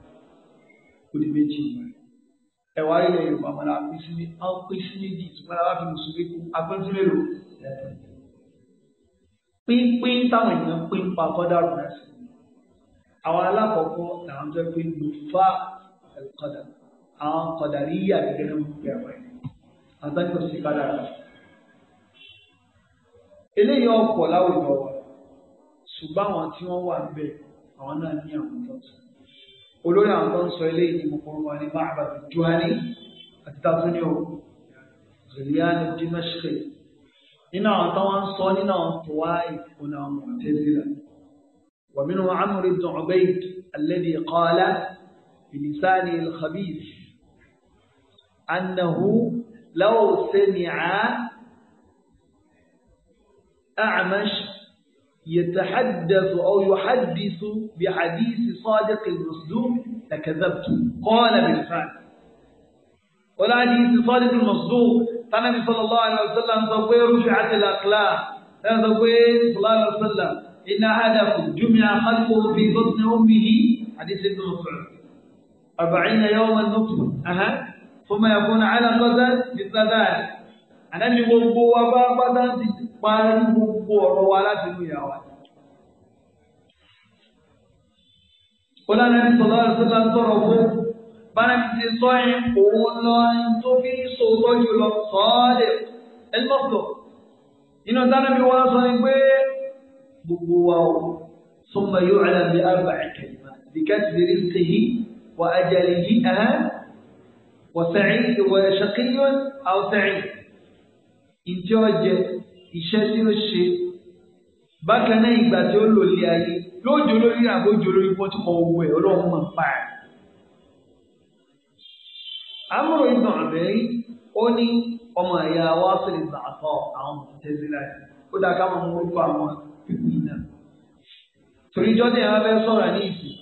kò ní méjì mọ́ ẹ wá rí lẹ́yìn ìgbà mọ́ra pín sí pín sí méjì ìtumọ̀ra wá fi mùsùlùmí kú agbẹ́sí mélòó pínpín táwọn èèyàn pín pa kọ́dà rẹ̀ sí àwọn alákọ̀ọ́kọ́ làwọn tó ń pín lò fá àwọn kọ̀dà rí yà gẹ́gẹ́ bí wọ́n pè àwọn ẹ̀ àtàkùn sí kádàrà eléyìí ọ̀pọ̀ láwùjọ wa ṣùgbọ́n àwọn tí wọ́n wà níbẹ̀ àwọn náà ní àwọn tó ń sọ olórí àwọn tó ń sọ eléyìí ni mo kọ́ wa ní máa bàbá juwani àti tatúni o zèlíyàn dimashqi nínú àwọn tó ń sọ nínú àwọn tó wá ìfún àwọn mu'tazila ومنه عمرو بن عبيد الذي قال بلسانه الخبيث أنه لو سمع أعمش يتحدث أو يحدث بحديث صادق المصدوم لكذبت قال بالفعل ولا حديث صادق المصدوم قال النبي صلى الله عليه وسلم تقول رجعت الأقلام تقول صلى الله عليه وسلم إن أحدكم جمع خلقه في بطن أمه حديث ابن مسعود أربعين يوما نطفة أها ثم يكون قدر مثل ذلك أنا اللي بابا بابا parí gbogbo ọ̀rọ̀ wa láti inú ìyá wa. Olánàbí sọ̀rọ̀ àṣìlá sọ̀rọ̀ fún Bánàbí ti sọ ẹ̀ òun lọ tó fi ń so tọ́jú lọ sọ́ọ́lẹ̀ ẹlọ́sọ̀. Iná Tánàbí wa sọ ni pé gbogbo wa o súnmọ́ yóò rẹ̀ bí àgbà ìkẹ̀yìmá. Bìkẹ́tì lè rí sèyí wà ájàlè yìí ẹ̀hán wà sẹ́yìn ìwà ṣàkíyàn àwọn sẹ́yìn. Ìjọ jẹ iṣẹ́ tí ó ṣe bákan náà ìgbà tí ó lò lé ayé yóò jó lórí àbójó lórí pọ́tù kan owó ẹ̀ ọlọ́run mọ̀ pa ẹ̀. àmúrò ìgbà àbẹ̀rẹ̀ ó ní ọmọ ẹ̀yà wa sílẹ̀ gbàgbọ́ àwọn mọ̀tẹ́sílẹ̀ ó dá káwọn ọmọ orúkọ àwọn pípì náà. torí jọ́dẹ̀ yẹn fẹ́ sọ̀rọ̀ ní ìsìn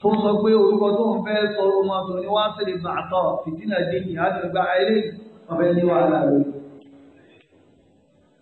tó sọ pé orúkọ tó ń fẹ́ sọ ọmọ àtọ̀ ni wá sílẹ̀ gbàgbọ́ fìdí náà dé ní àdúgbà ayé ọ̀fẹ́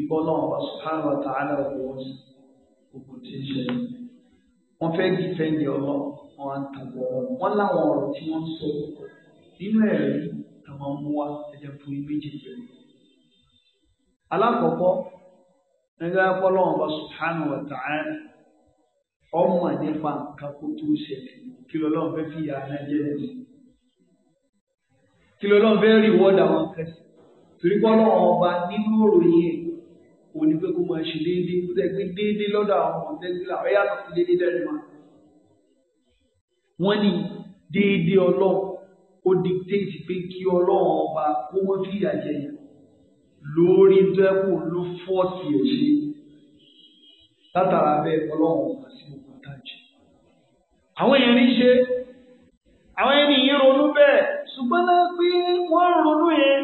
ìbọ́lọ́ ọba subhanahu wa ta'ala wọ́n òkun tí ń ṣẹlẹ̀ wọ́n fẹ́ dìfẹ́ǹdì ọlọ́ wọn á ń tàbí ọlọ́ wọn láwọn ọ̀rọ̀ tí wọ́n ń sọ nínú ẹ̀rí àwọn ọmọ wa ẹ̀jẹ̀ fún méjì pẹ̀lú. alákọ̀ọ́kọ́ nígbà ìbọ́lọ́ ọba subhanahu wa ta'ala ọmọ nípa nǹkan kó tó ṣẹlẹ̀ kí lọ́lọ́run kí lọ́lọ́run fẹ́ rí wọ́ọ̀dà wọn kẹsì torí bọ́lọ́ ọba nínú òròyìn òní pé kó máa ṣe déédéé tó tẹ́ pé déédéé lọ́dọ̀ àwọn ọmọ tẹ́sílà ó yàtọ̀ sí déédéé tẹ́lẹ̀ máa. wọ́n ní déédéé ọlọ́run ó dictate pé kí ọlọ́run ọba kó wọ́n fìyà jẹ lórí tó yẹ kó ló fọ́ọ̀tì ẹ̀ ṣe látara bẹ́ẹ̀ ọlọ́run ọba sí ọba tájì. àwọn èèyàn ń ṣe àwọn ènìyàn ronú bẹ́ẹ̀ ṣùgbọ́n náà pé wọ́n ronú yẹn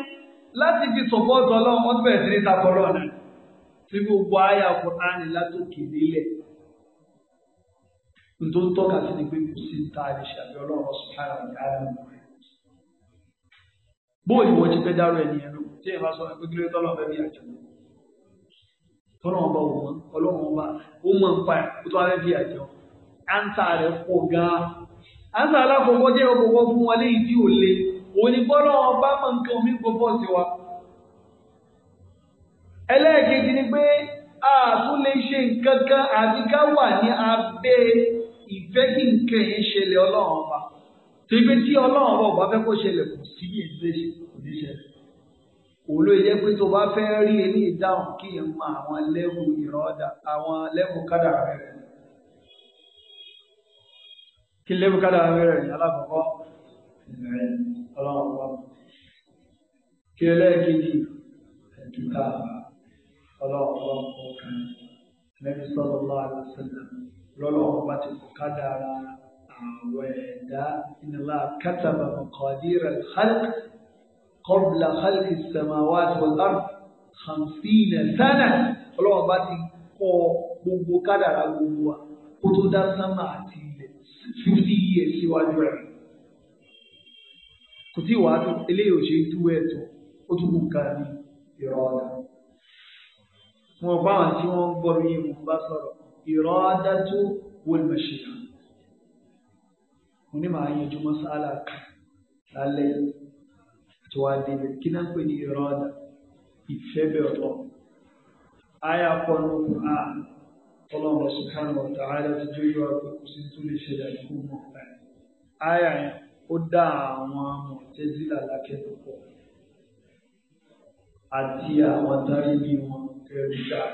láti fi sọ̀pọ̀ ọ̀tọ̀ ọlọ́run wọ́n bẹ̀rẹ̀ sí ní tí gbogbo àyà Kùránì látòkè nílẹ̀ tó ń tọ́ka sí ni pé kò sí ta lè ṣàbí ọlọ́run sùhárà ìyára rẹ̀. bó ìwọ ti fẹ́ dárò ẹni ẹnu tí ẹ bá sọ pé kí ló tọ́lọ́ fẹ́ bí àjọ tọ́lọ́run bá wò wọ́n ọlọ́run ẹ̀ kó tó wá fẹ́ àjọ ánsà rẹ̀ pọ̀ gan-an. ánsà alákọ̀ọ́kọ́ jẹ́ ọkọ̀ọ́kọ́ fún wa léyìí tí ò le òun ni mọ̀ nǹkan mi gbogbo ọ̀sẹ̀ wa ẹlẹ́ẹ̀kejì ni pé a tún lè ṣe nǹkan kan àti ká wà ní abẹ́ ìfẹ́ kí nǹkan yẹn ṣẹlẹ̀ ọlọ́run ọba tó ibi tí ọlọ́run ọba ọba fẹ́ kó ṣẹlẹ̀ kò sí ìgbésẹ̀ kò ní ṣẹlẹ̀ òòlù pé tó bá fẹ́ rí ẹni ìdáhùn kí n mọ àwọn lẹ́wù ìrọ́dà àwọn lẹ́wù kádàrá rẹ̀ kí lẹ́wù kádàrá rẹ̀ ní alákọ̀ọ́kọ́ ọlọ́run ọba kí ẹlẹ́ẹ̀kejì ẹ̀kíta ọlọ́run ọlọ́run kò kàn nẹ́bí sallallahu alaihi wasallam lọ́lọ́run bá ti kò ká dára àwọn ẹ̀dá inna Allaha kataba maqadira al-khalq qabla khalqi as-samawati wal-ard khamsina sana ọlọ́run bá ti kọ́ gbogbo kádàrá gbogbo wa kó tó dá sánmà àti ilẹ̀ fifty years síwájú rẹ̀ kò tí wàá tó eléyìí ò ṣe tú ẹ̀ tó ó tún kú ká ní ìrọ̀ wọn bá wọn tí wọ́n gbọ́ mi mo bá sọ̀rọ̀ ìrọ́dátú wọlmẹ̀ṣìnà mo ní màá yanjú mọ́sálà lálẹ́ tó wá délé kí náà pè ní ìrọ́dà ìfẹ́ bẹ̀rẹ̀ lọ. aya pọnú a ọlọ́run subhanahu wa ta'ala ti jó yọ pé kò sí tó lè ṣẹlẹ̀ fún mọ́ yẹn ó dá àwọn mọ̀tẹ́sílà lákẹ́ púpọ̀ àti àwọn dárí bí wọn. بالشعر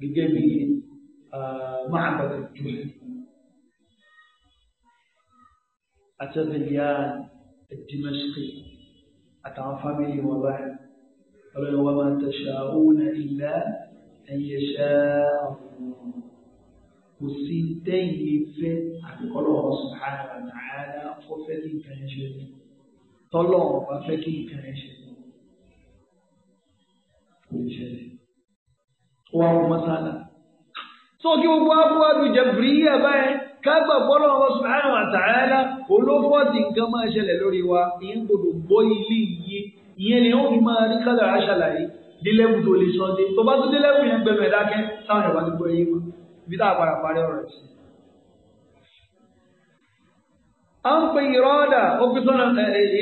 gẹ́gẹ́ bí معبد الجهل أتى بليان الدمشقي أتى فمي وبعد قال وما تشاءون إلا أن يشاء الله kò sí dẹ́yìn fẹ́ àbíkọ́lọ́ ọ̀rọ̀ subhanahu wa ta'ala fọ́fẹ́ kí nǹkan ẹ̀ ṣe tọ́lọ́ ọ̀bá fẹ́ kí nǹkan ẹ̀ ṣe. wàá masala. sọ kí gbogbo abúwájú jẹbìrìyà báyẹn kágbà bọ́lọ̀ wọn subhanahu wa ta'ala olófọ́ọ̀tì nǹkan máa ṣẹlẹ̀ lórí wa ìyẹn gbọdọ̀ gbọ́ ilé yìí ìyẹn ni ó fi máa rí kálọ̀ àṣàlàyé dílẹ́bù tó lè sọ dé tó bá tún dílẹ́bù yẹn gbẹmẹ̀ dákẹ́ táwọn ìwà ti gbọ́ ẹyẹ mọ́ ibi tá a padà parí ọ̀rọ̀ sí. à ń pe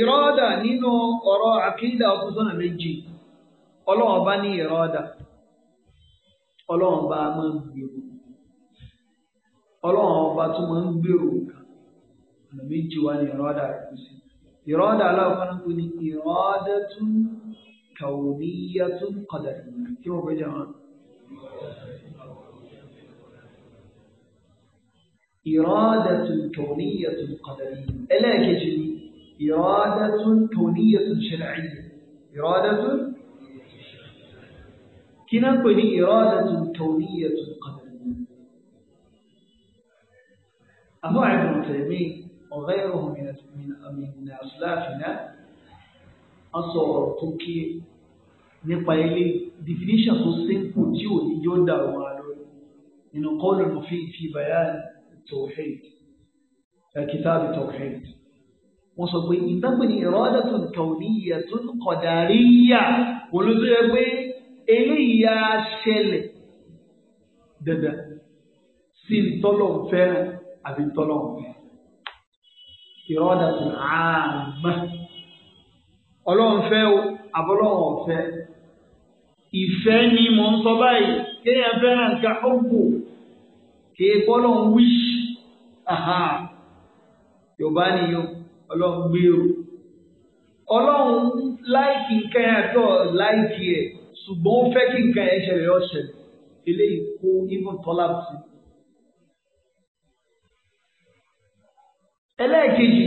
ìrọ́dà nínú ọ̀rọ̀ àkídà ó ọlọ́run bá ní ọ̀dà ọlọ́run bá máa ń gbèrò ọlọ́run ọba tún máa ń gbèrò nǹkan ọ̀nà méjì wá ní ọ̀dà rẹ̀ kù sí ìrọ́dà aláwọ̀kan kò ní ìrọ́dà tún kàwọ́níyà tún kọ̀dà kí wọ́n fẹ́ jẹ́ wọn. إرادة كونية قدرية ألا كجني إرادة كونية شرعية إرادة kí náà pè ní ìrọ́dàtù tòníyàtù qadariyya. Abu Ibn Taymiyyah وغيره من من أسلافنا أصور تركي nípa ilé definition tó simple tí ò ní yóò dà wọn lórí nínú kọ́ọ̀lù mufid fi bayan tawhid kitabi tawhid wọ́n sọ pé ìdápẹ́ ni ìrọ́dàtù tawhid tó qadariyya olùdóyẹ pé eléyìí á ṣẹlẹ̀ dandan sí ntọ́lọ̀ fẹ́ràn àbí ntọ́lọ̀ fẹ́ràn ìrọ́dà tó àmà ọlọ́run fẹ́ o àbọ́lọ́run ọ̀fẹ́ ìfẹ́ ni mò ń sọ báyìí kéèyàn fẹ́ràn nǹkan ọ̀gbò kéè bọ́lọ̀ ń wíṣì yorùbá nìyó ọlọ́run gbé o ọlọ́run láìkì nǹkan láìkì ẹ̀ ṣùgbọ́n ó fẹ́ kí nǹkan yẹn ṣẹlẹ̀ ọ̀ṣẹ̀ eléyìí kó even tọ́lá sí. ẹlẹ́ẹ̀kejì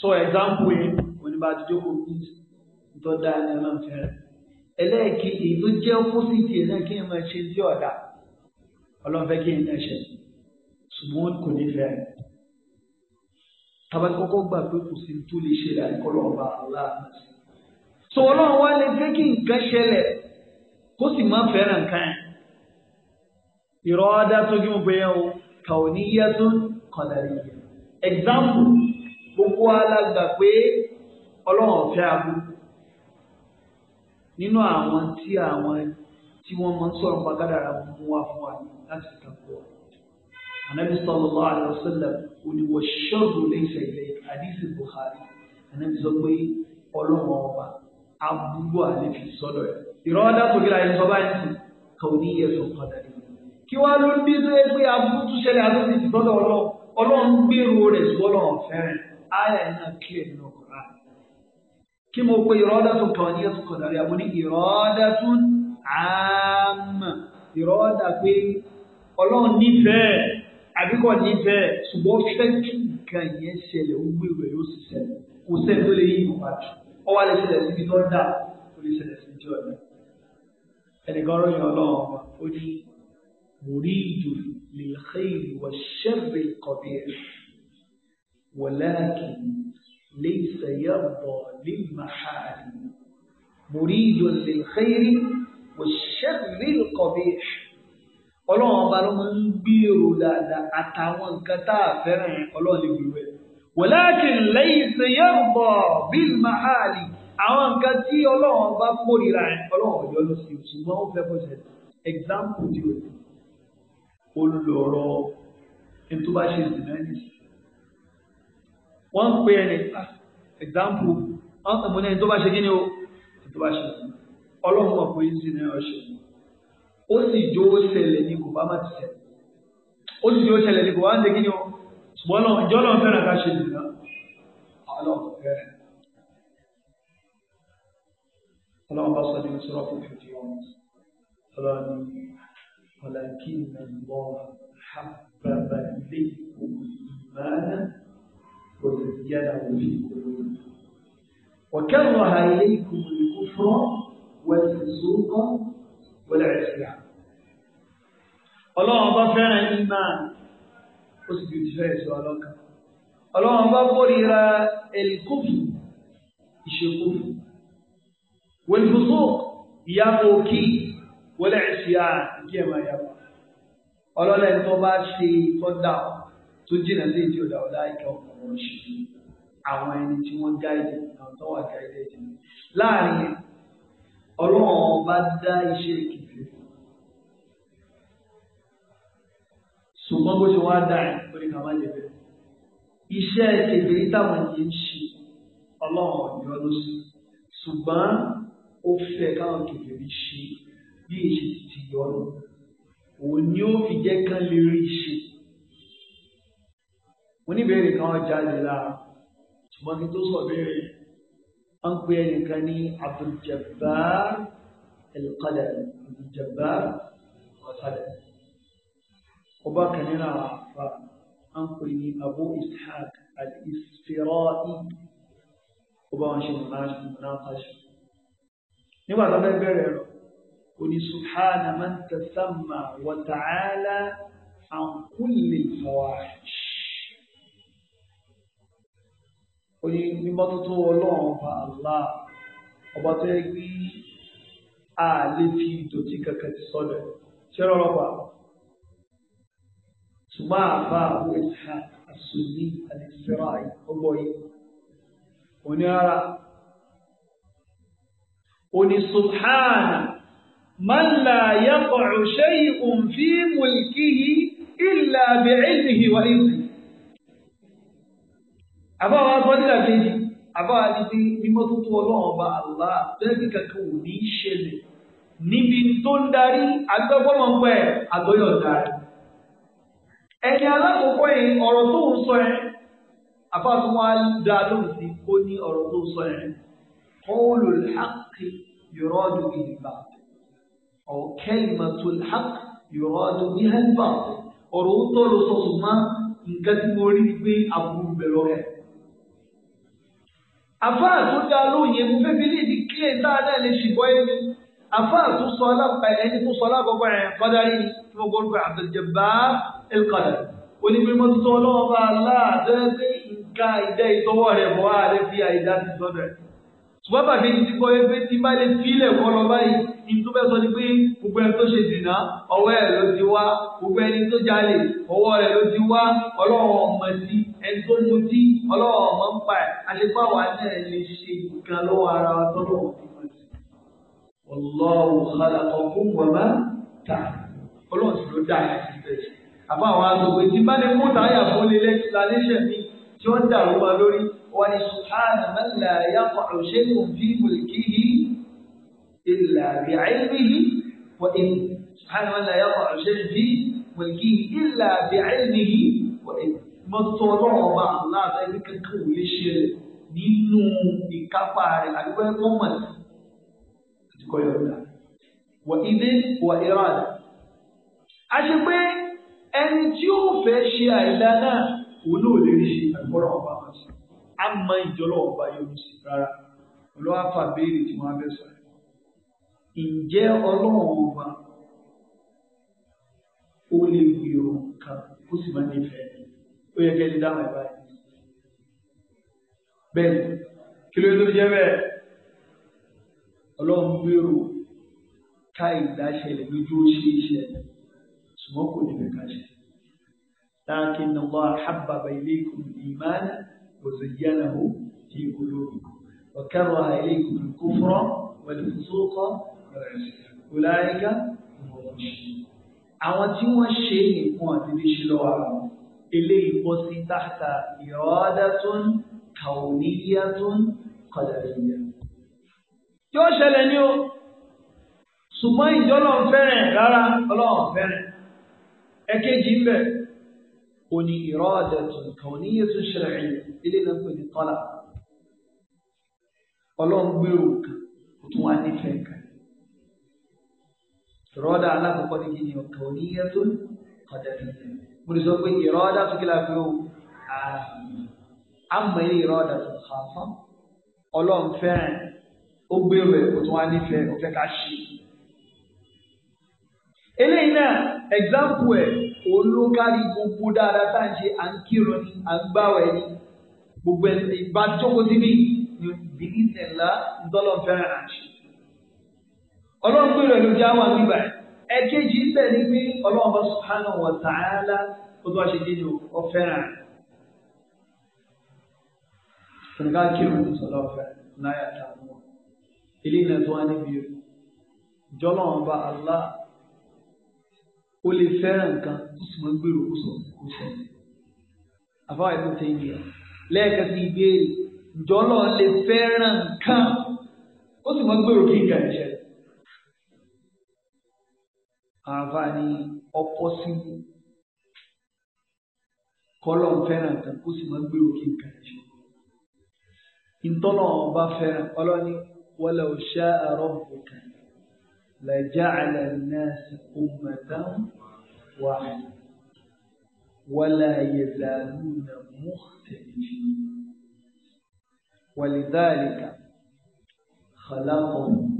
sọ ẹ̀dáǹpù yẹn oníbàdíjọ́ kò ní ìtọ́jà ẹni ọlọ́ọ̀fẹ́ rẹ̀ ẹlẹ́ẹ̀kejì ló jẹ́ ọ́pọ́sìtì ẹ̀ náà kí ẹ máa ṣe sí ọ̀dà ọlọ́ọ̀fẹ́ kí ẹ náà ṣe ṣùgbọ́n kò ní fẹ́ tabakọ́kọ́ gbà pé kò sí tó lè ṣe láìkọ́ lọ́ọ̀bà aláàbàṣe so ọlọ́run wá lè jẹ́ kí nǹkan ṣẹlẹ̀ kó sì má fẹ́ràn nǹkan yẹn ìrọ́dá tó kí mo gbé yẹn o kàwọ́níyá tó kọ̀dàrí yẹn example gbogbo alágbà pé ọlọ́run ọ̀fẹ́ abú nínú àwọn tí àwọn tí wọ́n máa ń sọ̀rọ̀ pàgádàrà mú wá fún wa láti fi kàn kó wa anabi sallallahu alayhi wa sallam oníwọ̀ ṣọ́ọ̀bù lẹ́sẹ̀ ilẹ̀ hadith anabi sọ pé ọlọ́run ọba abubuwa lè fi sọ́dọ̀ ẹ̀ ìrọ́dá tó kíra ẹni sọ báyìí sí kàwéyé ẹ̀sùn padà ní. kí wàá ló ń bí tó yẹ pé aburú tó ṣẹlẹ̀ àti ti sọ́dọ̀ ọlọ́run ọlọ́run gbèrò rẹ̀ sọ́dọ̀ ọ̀fẹ́rẹ̀ ayà iná kílẹ̀ nínú ọkùnrin kí mo pe ìrọ́dá tó kàwéyé ẹ̀sùn padà rí àbúní ìrọ́dá tó àmà ìrọ́dá pé ọlọ́run nífẹ̀ẹ́ àbíkọ̀ ó wá lè ṣẹlẹ̀ síbi tó dà ó lè ṣẹlẹ̀ síbi tí ọ̀dà ẹnìkan ròyìn ọlọ́run ọba ó ní mùrídù lè xeyìn wọ ṣẹ́ẹ̀bì kọ̀bí ẹ̀ wọ̀lẹ́àkì lè ṣẹ̀yẹ̀ bọ̀ lè màhàlì mùrídù lè xeyìn wọ ṣẹ́ẹ̀bì kọ̀bí ẹ̀ ọlọ́run ọba ló máa ń gbèrò dáadáa àtàwọn nǹkan tá a fẹ́ràn ọlọ́run lè gbèrò ولكن ليس يرضى yẹ́rùbọ̀ bí màhálì àwọn nǹkan tí ọlọ́run bá kórìíra ẹ̀ ọlọ́run yọ lọ sí ṣùgbọ́n ó fẹ́ bọ́sẹ̀ example tí o ti olùlọ̀rọ̀ ètò bá ṣe sì náà ní. wọ́n ń pè ẹni ah, example wọ́n ń pè ẹni tó bá ṣe kí ni o ètò bá ṣe sì ọlọ́run mọ̀ pé sì náà ọ̀ṣẹ̀ ó sì jó ṣẹlẹ̀ ní kò bá má ti ṣẹlẹ̀ ó sì jó ṣẹlẹ̀ ní kò bá má ti ṣẹlẹ̀ ní kò bá ṣùgbọ́n náà ìjọ náà fẹ́ràn ká ṣe nìyà ọlọ́run fẹ́ràn ọlọ́run bá sọ ní sọ́rọ́ fún fìdí ọmọ ọlọ́run ní ولكن الله حبب إليكم الإيمان وزينه في قلوبكم وكره إليكم الكفر والفسوق والعصيان. الله أبا فعل الإيمان ó sì fi ìfẹ́ ẹ̀sọ́ ọlọ́kan. ọlọ́run bá kórìíra ẹ̀lìkófù ìṣekófù wẹ̀lùfọ́sọ ìyàwó òkì wọlé ẹ̀sìá ìdí ẹ̀ máa yàgbọ́. ọlọ́lẹ̀ tó bá ṣe kọ́dà tó jìnnà sí ìdí ọ̀dà ọ̀dà ìkẹ́ ọkùnrin ṣe àwọn ẹni tí wọ́n gáìdì àwọn tó wà gáìdì láàrin ọlọ́run ọba dá iṣẹ́ ìk ṣùgbọ́n bó ṣe wá dà ẹ́ lórí kàmá jẹ bẹ́ẹ̀. iṣẹ́ kèbèrè táwọn yìí ń ṣe ọlọ́run ọ̀dọ́ ló sì ṣùgbọ́n ó fẹ́ káwọn kèbèrè ṣe bí èṣì ti yọnu òun ni ó fi jẹ́ kán lè rí ṣe. oníbèrè kan jáde lára ṣùgbọ́n kí n tó sọ béèrè wọ́n pe ẹnìkan ní Abdul Jabbar El Qadar Abdul Jabbar El Qadar ọba kan nínú àwọn àfa à ń pè ní abu ishaq al-isfirahi ọba wọn ṣe mọ̀nàkàṣe. nígbà tó fẹ́ bẹ̀rẹ̀ rẹ̀ oní subhana man tasamma wa ta'ala an kulli fawahish. oní mímọ́ tuntun ọlọ́run ọba allah ọba tó yẹ kí a lè fi ìdọ̀tí kankan ti ṣé rọrọ pa ṣùgbọ́n àbá àwọn ìṣá àṣùbí àlẹ́sẹ̀rọ̀ ọgbọ̀ yìí òní rárá òní subhana man la yaqa'u shay'un fi mulkihi illa bi'ilmihi wa idhnihi. àbá wa gbọ́ nígbà kejì àbá wa ti di mímọ́tótó ọlọ́run ọba Allah bẹ́ẹ̀ kankan ò ní í ṣẹlẹ̀ níbi tó ń darí agbẹ́gbọ́mọ̀pẹ́ àgbọ́yọ̀ darí ẹni alákòókò yìí ọ̀rọ̀ tó ń sọ yẹn àfàtún wa dá lóhùn sí kó ní ọ̀rọ̀ tó ń sọ yẹn qawlu al-haqqi yuradu bihi al-batil aw kalimatu al-haqqi yuradu biha al-batil ọ̀rọ̀ tó lọ sọ ṣùgbọ́n nǹkan tí mo rí pé aburú bẹ̀ lọ́rẹ̀. àfáà tó lóhùn yẹn mo fẹ́ fi léèdì kílè dáadáa lè ṣùgbọ́n ẹni àfáà sọ alábàá ẹni tó sọ alábàá ẹlùkọ̀dà onígbémọ́ tuntun ọlọ́wọ́ bá aláàdọ́ pé nǹkan àìdá ìtọ́wọ́ rẹ̀ bọ́ ààrẹ fi àìdá ti sọ́dọ̀ rẹ̀ ṣùgbọ́n bàbá yìí ti kọ́ ẹ pé tí bá lè fílẹ̀ kọ́ lọ báyìí ní tó fẹ́ sọ ni pé gbogbo ẹni tó ṣe dìnnà ọwọ́ ẹ̀ ló ti wá gbogbo ẹni tó jalè ọwọ́ rẹ̀ ló ti wá ọlọ́wọ́ ọmọ ti ẹni tó mutí ọlọ́wọ́ ọmọ ń pa ẹ̀ àlepá náà lè ṣe nǹkan lọ́wọ́ ara wa tọ́lọ́ Ọlọ́run kálá ọkùnrin wọ̀n bá ta ọlọ́run sì ló dá ẹ̀ àbá àwọn agbègbè tí bá lè mú táyà fún lè lẹ́tí lálẹ́ṣẹ̀ mi tí ó ń dàrú wa lórí wa ni subhana man la yaqa'u shay'un fi mulkihi illa bi'ilmihi wa in subhana man la yaqa'u shay'un fi mulkihi illa bi'ilmihi wa in mọ́tò ọba aláàbá ẹni kankan ò lè ṣe nínú ìkápá rẹ̀ àdúgbò ẹ̀kọ́ mọ̀ ẹni tí ó fẹ́ ṣe àìdá náà kò ní òlè rí ṣe àgbọ̀rọ̀ ọba náà sí a mọ ìjọlọ̀ ọba yóò sì rárá ló wá fà béèrè tí wọ́n á fẹ́ sọ rẹ̀ ǹjẹ́ ọlọ́run ọba ó lè gbèrò nǹkan ó sì máa nífẹ̀ẹ́ ó yẹ kí dáhùn ẹ̀ báyìí bẹ́ẹ̀ kí ló jẹ́ bẹ́ẹ̀ ọlọ́run gbèrò ká ìdáṣẹlẹ̀ lójú ó ṣe é ṣẹlẹ̀ ṣùgbọ́n kò ní nǹkan ṣe. لكن الله حبب إليكم الإيمان وزينه في قلوبكم وكره إليكم الكفر والفسوق والعصيان أولئك هم الراشدون àwọn tí wọ́n ṣe nǹkan àtìlẹ́ṣẹ́ lọ́wọ́ ara wọn eléyìí bọ́ sí tahta iradatun kauniyatun qadariyya. yóò ṣẹlẹ̀ ní o ṣùgbọ́n ìjọ náà fẹ́rẹ̀ rárá ọlọ́run fẹ́rẹ̀ ẹ̀kejì ń bẹ òní iradatun kawniyatun shar'iyyah ilé náà pè ní tọ́lá ọlọ́run gbèrò kan kò tún wá nífẹ̀ẹ́ kan ìrọ́dà alákọ̀ọ́kọ́ ní kí ni kawniyatun qadariyah mo lè sọ pé ìrọ́dà tó kí fi ó àmọ́ ilé ìrọ́dà tó kà fún ọlọ́run fẹ́ràn ó gbèrò ẹ̀ kò tún wá nífẹ̀ẹ́ kò fẹ́ ká ṣe é. eléyìí náà ẹ̀gbáǹpù e, òun gbogbo dáadáa tá à ń ṣe à ń ni gbogbo ẹ̀ ìbá jókòó ni bìlí nìlá ńdọ́lọ́ fẹ́ràn àṣẹ. ọlọ́run pé rẹ̀ ló àwọn àgbìbà ẹ̀kejì ń ní pé bá ó tó wá ṣe ni ó fẹ́ràn kírun ní sọ̀rọ̀ ọ̀fẹ́ tààmù. Ilé bá ó lè fẹ́ràn nǹkan ó sì máa ń gbèrò kó sọ kó sọ. àfáwà ìlú tẹ̀ yìí lẹ́ẹ̀kan sí ìbéèrè ǹjọ́ náà lè fẹ́ràn nǹkan ó sì máa ń gbèrò kí nǹkan ẹ̀ṣẹ̀. àfáà ni ọ̀pọ̀ sí kọ́lọ̀ fẹ́ràn nǹkan ó sì máa ń gbèrò kí nǹkan ẹ̀ṣẹ̀. ìtọ́nà ọba fẹ́ràn ọlọ́ni wọlé òṣà àrọ̀ bùkàn. لجعل الناس أمة واحدة ولا يزالون مختلفين ولذلك خلقهم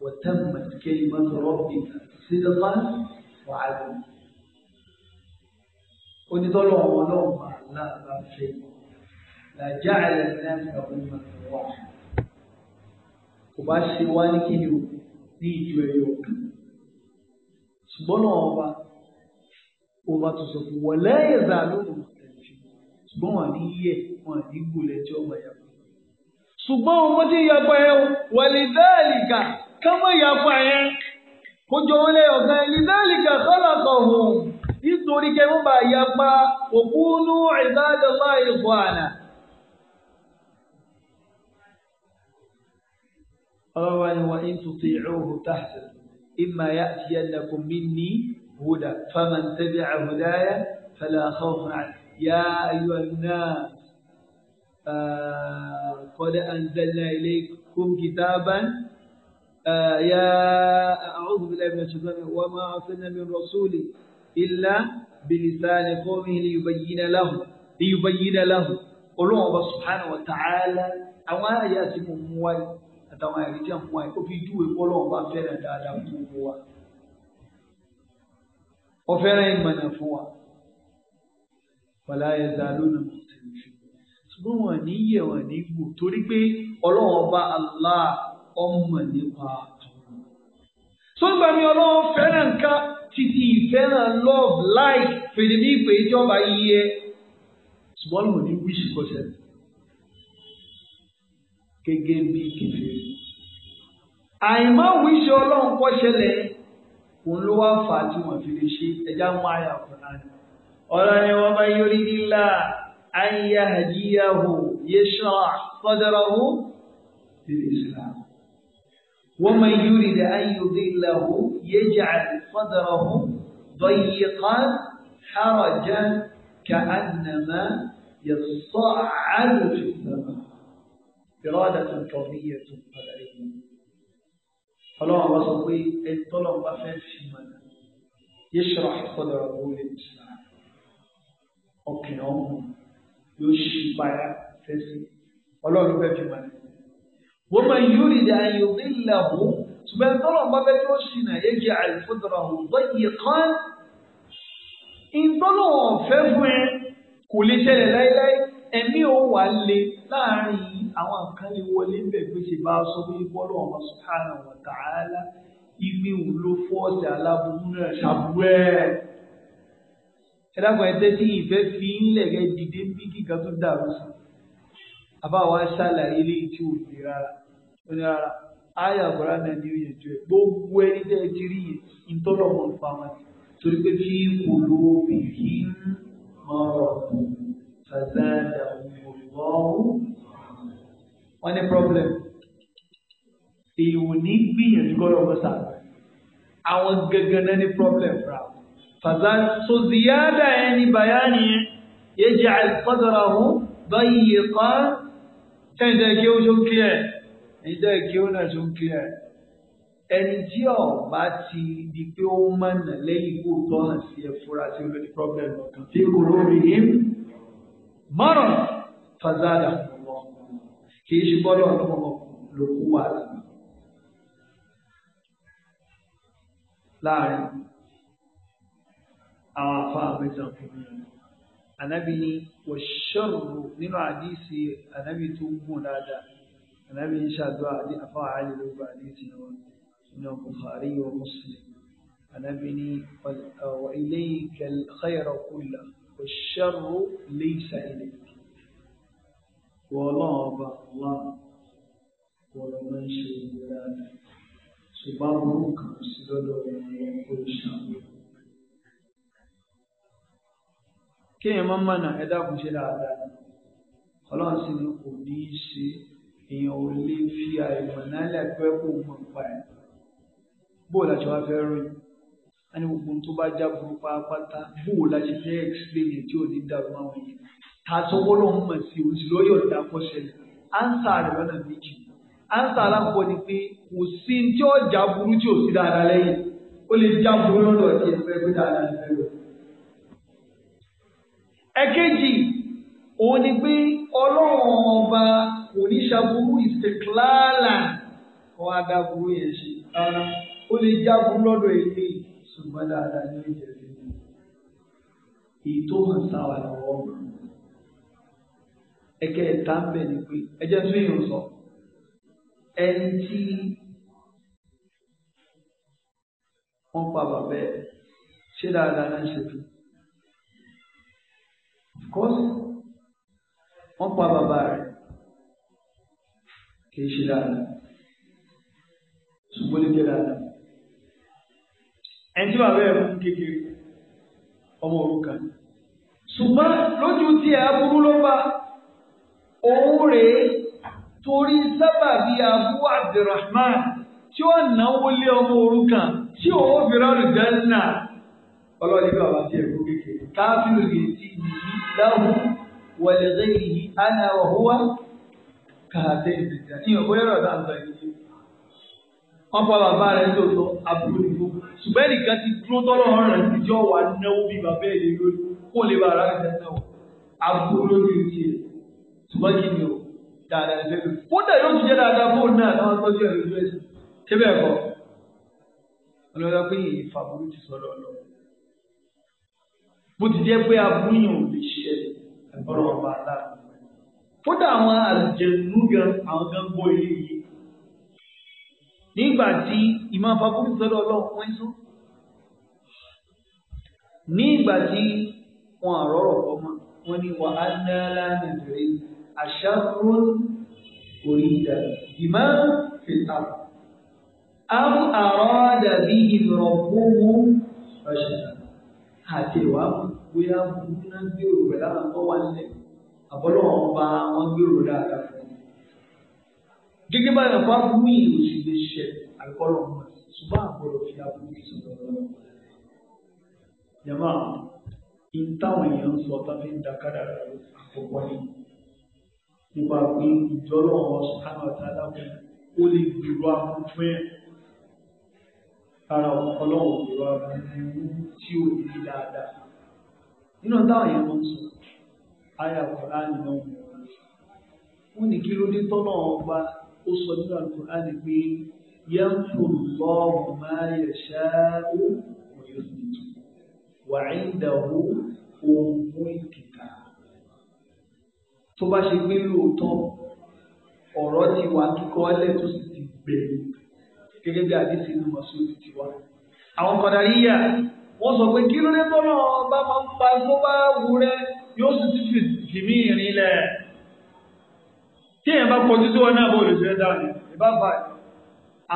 وتمت كلمة ربك صدقا وعدلا ونضلوا ولوما لا لا شيء لا جعل الناس أمة واحدة وباشر والكيو ní ìjú ẹyọ kan ṣùgbọ́n náà ọba ọba tó sọ fún wọn lẹ́yìn ìgbà lóru ṣùgbọ́n wọn ní yíyẹ wọn ní gòlẹ̀ tí ọmọ yàgbọ́ ṣùgbọ́n ọmọ tí yàgbọ́ yẹn wọlé bẹ́ẹ̀lì gà kọ́mọ yàgbọ́ yẹn kójọ wọn ọ̀gá ẹni bẹ́ẹ̀lì gà kọ́là nítorí kẹ́ mú bàa yàgbá òkú nù ìbádọ́lá ìfọ̀ àná. روى وإن تطيعوه تحسن إما يأتينكم مني هدى فمن تبع هدايا فلا خوف عليه يا أيها الناس آه قد أنزلنا إليكم كتابا آه يا أعوذ بالله من الشيطان وما أرسلنا من رسول إلا بلسان قومه ليبين له ليبين له قلوب سبحانه وتعالى أما يأتي من àtàwọn ẹ̀rí tẹ̀ fún wa ó fi júwe pọ́lọ́ ọba fẹ́rẹ̀ dáadáa fún gbogbo wa ó fẹ́rẹ̀ ìmọ̀nà fún wa wàláyé zàlónà mùsùlùmí ṣùgbọ́n wọn ní yẹ wọn ní gbò torí pé ọlọ́run ọba Allah ọmọ nípa àtọ̀run sọ́gbà mi ọlọ́run fẹ́ràn nǹkan títí ìfẹ́ràn love life fèrè ní ìpè ìjọba yíyẹ ṣùgbọ́n wọn ní wíṣì kọsẹ̀ gẹ́gẹ́ bí kẹfẹ́ àìmọ́ òun ṣe ọlọ́run kọ́ ṣẹlẹ̀ òun ló wá fà á tí wọ́n fi lè ṣe ẹja mú àyà náà ni. ọ̀rọ̀ ni wọ́n bá yọrí nílá ayé àjíyàwó yéṣọ́ sọ́dọ̀rọ̀wó bíbí islam wọ́n máa yọrí ní ayé òdìláwó yéjà sọ́dọ̀rọ̀wó ضيقا حرجا كأنما يصعد في السماء إرادة كونية قدرية ọlọ́run bá sọ pé ẹni tọ́lọ́run bá fẹ́ fi mọ̀nà yíṣọ́ àkọ́dọ̀ ọ̀gbọ́n lè tìlá ọkàn ọ̀hún yóò ṣì báyà fẹ́sí ọlọ́run fẹ́ fi mọ̀nà. wọ́n máa yóò rí ìdá ayé òbí ńlá bò ṣùgbọ́n tọ́lọ́run bá fẹ́ tó ṣì nà yé jẹ́ àìfọ́dọ̀ ọ̀hún lọ́yẹ̀ kan. ìtọ́lọ́wọ̀n fẹ́ fún ẹ kò lè ṣẹlẹ̀ láéláé ẹ̀mí òun wà le láàárín àwọn kan lè wọlé bẹ̀ pé ṣe bá sọ pé bọ́lọ̀ ọmọ sùkánà wọ̀ tààlà ìwé òun ló fọ́ọ̀sì aláburú náà ṣàbúrú ẹ̀. ẹ dákun ẹ tẹ́tí ìfẹ́ fi ń lẹ̀kẹ́ dìde bí kíkan tó dàrú sí i. àbáwá ṣàlàyé eléyìí tí ò fi rárá ó ní rárá ayé àgbàrá náà ni ó yẹ gbogbo ẹni tẹ́ ẹ ti rí yẹn ìtọ́lọ̀ mọ̀ nípa wọn torí pé fi kò lówó bìí mọ̀rọ̀ fàzádà òun ò lọ́wọ́ wọ́n ní problem èèwò ní gbìyànjú gbọ́dọ̀ ọmọ sáà àwọn gangan náà ní problem ra fàzà so ziyada yẹn ní bayani yẹn yẹ jẹ àìsàdàrà hù báyìí kan tẹ́yìn tẹ́yìn kí ó ṣó ń clear ẹ̀yìn tẹ́yìn kí náà ṣó ń clear ẹni tí ọba ti di pé ó mọ̀nà lẹ́yìn kó tọ́ hàn sí ẹ sí olórí problem ọ̀kan fi kúrò rí i mọ́rọ̀ fàzàdà kì í ṣe bọ́lọ̀ ọlọ́mọ ló kú wà láàrin àwọn afa àbẹ̀tàn fún mi anabi ni wàṣọ́rù nínú àdìsí anabi tó gùn dáadáa anabi ń ṣàdúrà àdí afa àyè ló gba àdìsí wọn nínú bukhari wa muslim anabi ni wà ilé ìkẹlẹ́ xayẹ̀rọ̀ kúlà wàṣọ́rù lè sa ilé wọ ọlọ́run ọba ọlọ́run wọ ọmọ ìṣe ìlera rẹ̀ ṣùgbọ́n burú kan sí lọ́dọ̀ ìrìn olùṣàmù. kéèyàn máa ń mọ̀nà ẹ dákun ṣe dáadáa ọlọ́run sì ni kò ní í ṣe èèyàn ò lè fi àìmọ̀ nálẹ̀ pé kò mọ̀ pa ẹ̀ bóò láti wá fẹ́ ròyìn a gbogbo tó bá já burú bóò láti fẹ́ explain tí ò ní èèyàn ta san Ọlọ́run mọ̀ sí o sì lọ yọ̀ǹda kó ṣẹlẹ̀ ánsà rẹ̀ lọ́nà méjì ánsà alákọ̀ọ́ ni pé kò sí tí ọjà burú tí ò sí dáadáa lẹ́yìn ó lè já burú lọ́dọ̀ tí ẹ fẹ́ gbé dáadáa lẹ́yìn rẹ̀. ẹ̀kejì òun ni pé ọlọ́run ọba kò ní ṣàbúrú ìsìnkláàlà kọ́ adáburú yẹn ṣe rárá ó lè já burú lọ́dọ̀ ilé ṣùgbọ́n dáadáa ní ìjẹ̀lẹ̀ èyí tó hàn sáwà lọ́wọ́ ọ̀gbìn ẹkẹ ẹta ń bẹ ní pé ẹjẹ tún yìí sọ ẹni tí wọn pa bàbá ẹ ṣé dáadáa náà ṣe fi kọ́sì wọn pa bàbá rẹ kì í ṣe dáadáa ṣùgbọ́n lè jẹ dáadáa ẹni tí bàbá ẹ fún kékeré ọmọ òrukàn ṣùgbọ́n lójú tí ẹ aburú ló bá òun rèé torí sábàbí abu abdulrahman tí ó náwó lé ọmọ òrukàn tí òun fi rárú jẹ́nà ọlọ́ọ̀ni bí bàbá tiẹ̀ kú kékeré káfíńsì rèé ti yìí láwù wọlé lẹ́yìn ana ọ̀húwà kàdé ìdìjà ní ọ̀bọ̀yẹ̀ rẹ̀ ọ̀dà àgbà yìí wọ́n bá bàbá rẹ̀ tó lọ àbúrò ìbò ṣùgbọ́n nìkan ti dúró tọ́lọ̀ rẹ̀ níjọ́ wà náwó bí bàbá ẹ̀ lórí kó lè bàrà ìjẹ́ ṣùgbọ́n kí ni o dáadáa ṣe lò kódà yóò tún jẹ́ dáadáa fóònù náà láwọn tó jẹ́ ìlú ẹ̀sìn ṣé bẹ́ẹ̀ kọ́ ọlọ́dọ́ pé èyí fa burú ti sọ̀rọ̀ lọ bó ti jẹ́ pé abúyàn ò lè ṣe ọ̀rọ̀ ọba aláàbò kódà àwọn àjẹnú gan àwọn gan gbọ́ ilé yìí nígbà tí ìmọ̀ afakúrú sọ́dọ̀ ọlọ́run wọ́n sún nígbà tí wọn àrọ́rọ̀ kọ́ mọ́ wọn ni wàhálà lánàá rẹ̀ asyarrun urida bima fil ar. Am arada bihi rabbuhu rasyada. Hati wa buya mungkin nanti urubela atau wanle. Apa lo ngomba ngambil roda ada. Gigi bana kwa kumi usi beshe alkolo mas. Suba akolo fiya kumi suba kolo mas. Jamaa, intawa nípa pé ìjọ náà subhanahu wa ta'ala ó lè gbèrò àkókò ẹ̀ ara ọlọ́run gbèrò àkókò tí ò ní dáadáa. nínú táwọn yẹn wọ́n sọ àyà kùránì náà wọ́n ní kí ló tọ́nà ọba ó sọ nínú àkùránì pé ينفر الله ما يشاء ويثبت وعنده أم الكتاب tó bá ṣe pé lóòótọ́ ọ̀rọ̀ ti wà kíkọ́ ọ́lẹ̀ tó sì ti gbẹ gẹ́gẹ́ bí àdéhùn inú mọ̀sóòtù ti wá. àwọn kọ̀dáríyà wọ́n sọ pé kí ló dé tọ́nà bá máa ń pa tó bá wù rẹ yóò sì ti fìmí ìrìnlẹ̀. tí èèyàn bá kọjú sí wọn náà bó lè ṣe dáa ní ìbáfà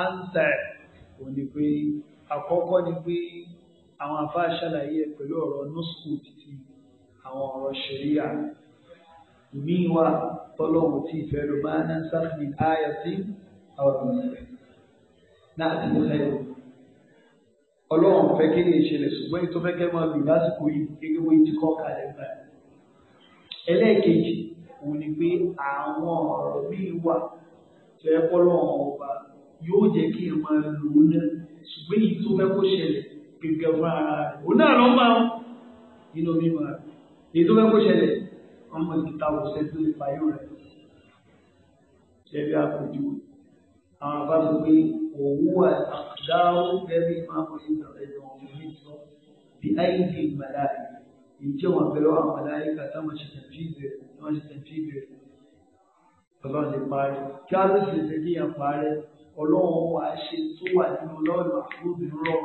ánsà ẹ̀ ò ní pé àkọ́kọ́ ni pé àwọn àfáà ẹ̀ pẹ̀lú ọ̀rọ̀ nọ́sùkù títí àwọn ọ̀rọ̀ ṣẹ̀ríyà míì wà tọ́lọ́wọ́ tí ìfẹ́ ló máa ń sáfì ayà sí àwọn ọmọ rẹ̀ náà ti fẹ́ ọlọ́run fẹ́ kí lè ṣẹlẹ̀ ṣùgbọ́n ètò fẹ́ kẹ́ máa lò lásìkò yìí gẹ́gẹ́ bó ti kọ́ kalẹ̀ gbà. ẹlẹ́ẹ̀kejì òun ni pé àwọn ọ̀rọ̀ míì wà tó ẹ kọ́ lọ́wọ́ ọba yóò jẹ́ kí ẹ máa lò ó náà ṣùgbọ́n èyí tó fẹ́ kó ṣẹlẹ̀ gẹ́gẹ́ fún ara rẹ̀ òun náà lọ́ máa nínú mímọ́ rẹ̀ èyí tó fẹ́ kó ṣẹlẹ̀ wọn mọ̀ níta òṣẹ́ tó lè fa irú rẹ̀ ṣẹ́bí àpòjú àwọn àbá sọ pé òwúwà àdáwó gẹ́gẹ́ máa ń bọ̀yìn ìtàlẹ́jọ ọmọ mi sọ bí àìdí màláì ìjẹ́ wọn pẹ̀lú àwọn màláì kàtà wọn ṣe tẹ̀fíìzẹ̀ wọn ṣe tẹ̀fíìzẹ̀ ọlọ́run lè parí kí á ló ṣe ṣe kí yẹn parí ọlọ́run wa ṣe tó wà nínú lọ́ọ̀lù àfúrúbì rọrùn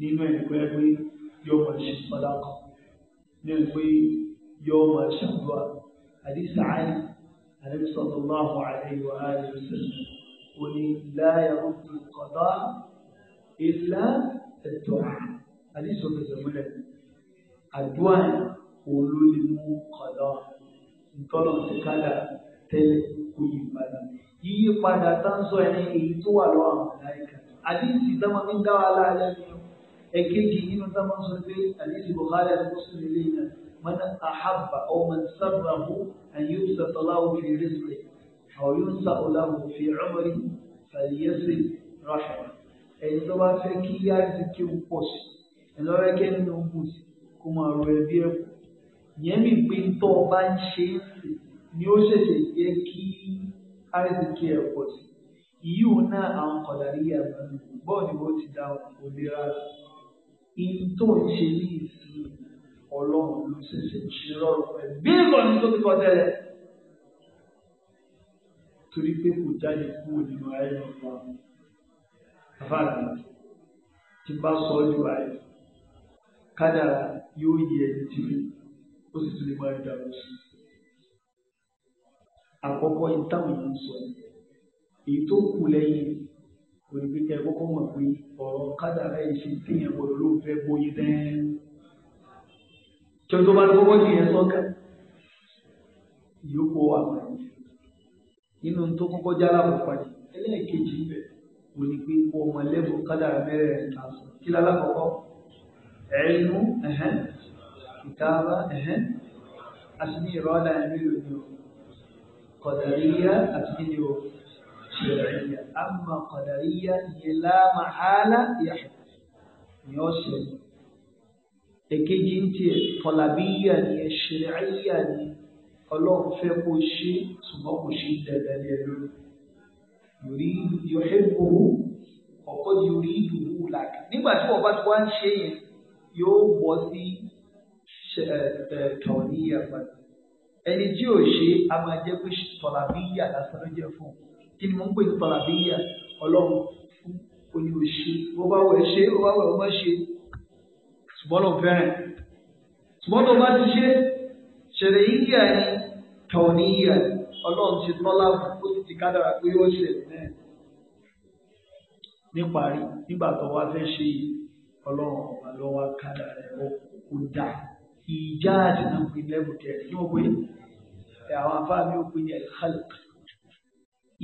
nínú ẹ̀ pé yọmọ ṣe sọdá kan ní pé yóò máa ṣàdúrà àdìsá àlì àdìsá sallallahu alaihi wa alihi wasallam ó ní láyà ó ti kọ̀dọ̀ ìlà ẹ̀tọ́ àdìsá fẹsẹ̀ múlẹ̀ àdúrà olórí mú kọ̀dọ̀ ntọ́nà ti kádà tẹ́lẹ̀ kó yí padà yíyí padà táǹsọ̀ ẹni èyí tó wà lọ́wọ́ àwọn ọ̀dáyìká àdìsí dámọ́ mi ń dá wa láàlẹ́ nínú ẹ̀kejì nínú dámọ́ sọ pé àdìsí Bukhari àti Muslim lè yàn. من أحب أو من سره أن يبسط له في رزقه أو ينسأ له في عمره فليصل رحمه ẹni tó bá fẹ́ kí àìsíkí ó pọ̀ sí ẹni tó fẹ́ kí ẹni ó gùn sí kó máa ro ẹbí ẹ̀ pọ̀ mi pé tó o bá ń ṣe é sí ni ó ṣẹ̀ṣẹ̀ yẹ kí àìsíkí ẹ̀ pọ̀ sí ìyí òun náà àwọn kọ̀dàrí àgbàdo bọ́ọ̀ ni wọ́n ti dá òun kò lè rárá ìyí tó ń ṣe ní ìsìn ọlọ́run ló ṣẹ̀ṣẹ̀ jí lọ́rùn pẹ̀ bílọ̀ ní tó ti kọ́ tẹ́lẹ̀. torí pé kò jáde kúrò nínú ayé ọ̀pọ̀ àwọn afárànà tí bá sọ ọ́ ju ayé kádàrà yóò yẹ ẹni tìrì ó sì tún lè máa dàrú sí i. àkọ́kọ́ ìtàwọn yìí ń sọ èyí tó kù lẹ́yìn òyìnbí kẹ́ ẹ kọ́kọ́ mọ̀ pé ọ̀rọ̀ kádàrà yìí ṣe téèyàn gbọ́dọ̀ ló fẹ́ bóyí dẹ́n tó tó bá gbogbo nìyẹn sọ́kà ìyókù wà nínú tó kọ́kọ́ jára mọ̀ padì ẹlẹ́ẹ̀kejì bẹ̀ kò ní pé kó ọmọ ẹlẹ́bùn kádàrà mẹ́rẹ̀ẹ̀rin ta sọ kí lálákọ̀ọ́kọ́ ẹ̀ẹ́nu ẹ̀hẹ́n ìtaaba ẹ̀hẹ́n àti ní ìrọ́lá ẹ̀mí lòdì o kọ̀dàríyá àti nílé o ṣẹ̀rẹ̀yà àmà kọ̀dàríyá ìyẹn lámàhálà ìyàtọ̀ ni ó ṣẹlẹ̀ èkejì ń tiẹ̀ tọ́làbíyà ni ẹ ṣẹ̀ráyà ni ọlọ́run fẹ́ kó ṣe ṣùgbọ́n kò ṣe dandan ní ẹnu yorí yọ̀hẹ́bù ọ̀pọ̀ yorí ìdùnnú làkì nígbà tí wọ́n bá ti wá ń ṣe yẹn yóò bọ́ sí tọ̀níyà padà ẹni tí ò ṣe a máa pé tọ̀làbíyà lásán ló jẹ́ fún un kí ni mo ń pè ní tọ̀làbíyà ọlọ́run fún oní òṣè bó bá wẹ̀ ṣe bó bá wẹ̀ ọmọ ṣùgbọ́n ló fẹ́ràn ṣùgbọ́n tó bá ti ṣe ṣẹlẹ̀ yìí yà ni tọ̀ ní yà ni ọlọ́run ti tọ́lá ó sì ti kádàrà pé ó ṣe bẹ́ẹ̀ níparí nígbà tó wá fẹ́ ṣe ọlọ́run ọba ló wá kádàrà ó kó dà ìjà àti náà pé lẹ́bù kẹrin ní òwe àwọn afáàmì òpin ní al-khalq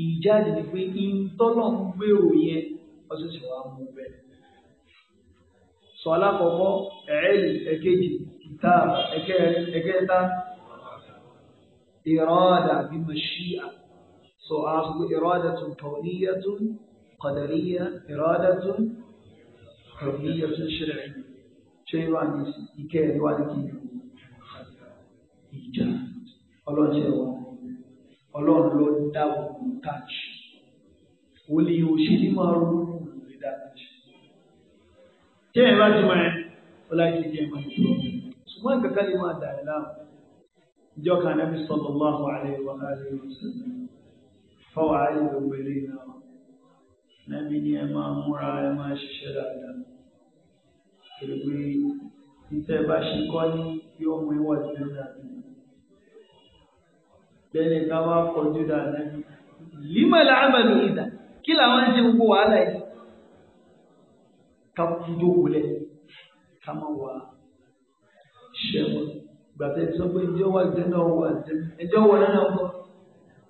ìjà àti ní ìtọ́lọ́ ń gbèrò yẹn ọ̀sẹ̀ sọ alákọ̀ọ́kọ́ ẹ̀ẹ́lì ẹ̀kejì kìtà ẹ̀kẹta ìrọ́dà bí mọ̀ṣíà sọ àṣùgbọ́ ìrọ́dà tún kọ̀ọ̀níyà tún kọ̀dàríyà ìrọ́dà tún kọ̀ọ̀níyà tún ṣẹlẹ̀ ṣe wà ní ìkẹ́ ìwà ní kí ìjà ọlọ́jẹ́ wọn ọlọ́run ló dáwọ́ káàkiri wòlíì òṣèlú máa ronú tí ẹ bá ti mọ ẹ ó láì ti jẹ ìmọ̀ ìṣòro ṣùgbọ́n nǹkan kan lè máa dà ẹ láàmú ìjọ kan náà fi sọ̀rọ̀ wá fún àlẹ́ wa àlẹ́ wa sẹ́yìn fọwọ́ àlẹ́ gbogbo ilé náà nàbí ni ẹ máa múra ẹ máa ṣiṣẹ́ dáadáa kiri ìtẹ́ bá ṣe kọ́ ní yóò mú ìwà ìlú dàbí bẹ́ẹ̀ ni ká wá kọjú dáadáa límọ̀ làámàlú ìdá kí làwọn ń ṣe gbogbo wàhálà yìí ká jókòó lẹ̀ ká má wá ṣẹ́wọ̀n. Ìgbà tẹ́ sọ pé ẹjọ́ wà jẹ́ náà wà jẹ́ ẹjọ́ wọ̀ náà wọ̀.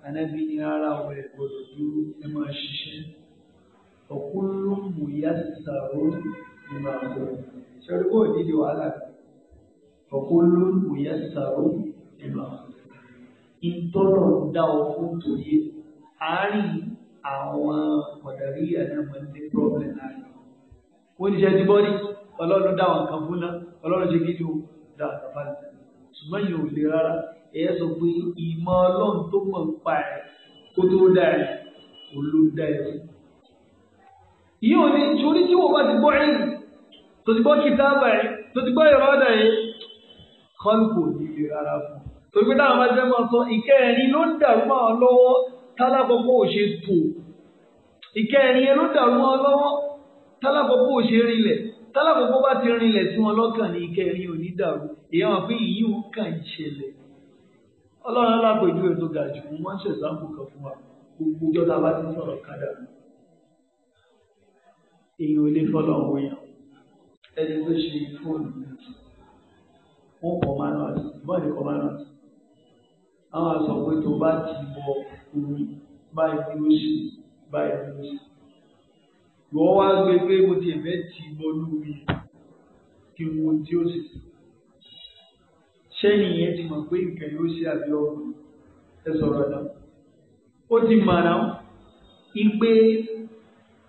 Ànábi ni ara wọ̀ ẹ̀ gbọ́dọ̀ dúró ẹ máa ṣiṣẹ́. Ọ̀kúnlú mùyá sàró ni màá kò nídìí wàhálà. Ọ̀kúnlú mùyá sàró ni màá bọ̀. Ìtọ́nà ń dá ọ fún tòye. àwọn ọ̀dàrí yẹn náà ní pọ́blẹ̀ náà ó ní iṣẹ́ ti bọ́ rí ọlọ́run dá àwọn kan fún náà ọlọ́run ṣe kí ni o dá àwọn kan fún náà ṣùgbọ́n yìí ò le rárá ẹ sọ pé ìmọ̀ ọlọ́run tó mọ̀ ń pa ẹ̀ kó tó dá ẹ̀ kó ló dá ẹ̀ sí. yìí ò ní sórí tí wọ́n bá ti gbọ́ ẹ̀yìn tó ti gbọ́ kìtáàbà ẹ̀ tó ti gbọ́ ìrọ́dà ẹ̀ kọ́ńkò ní ilé rárá fún torí pé táwọn máa fẹ́ sọ ìkẹrin ló ń dàrú máa lọ́wọ́ lọ́wọ́ tálákọ̀ọ́kọ́ ò ṣe rinlẹ̀ tálákọ̀ọ́kọ́ bá ti rinlẹ̀ sí wọn lọ́kàn ní ìkẹrin òní dàrú èyí àwọn pé ìyí ò kàn ìṣẹ̀lẹ̀ ọlọ́run alápèjú ètò ga jù fún wọn ṣe sáǹpù kan fún wa gbogbo ìjọba bá ti sọ̀rọ̀ kádà èyí ò lè fọlọ́ wọ̀nyàn ẹni tó ṣe fóònù wọn kọ manual bọ́ọ̀lù kọ manual àwọn àṣọ pé tó bá ti bọ omi báyìí ló ṣe báyìí ló ṣe wọ́n wá gbé pé mo ti ẹ̀fẹ́ ti bọ́lú mi kí n wo tí ó sì ṣé nìyẹn ti mọ̀ pé nǹkan yóò ṣe àbí ọ̀run ẹ sọ̀rọ̀ náà ó ti mọ̀ náà ipe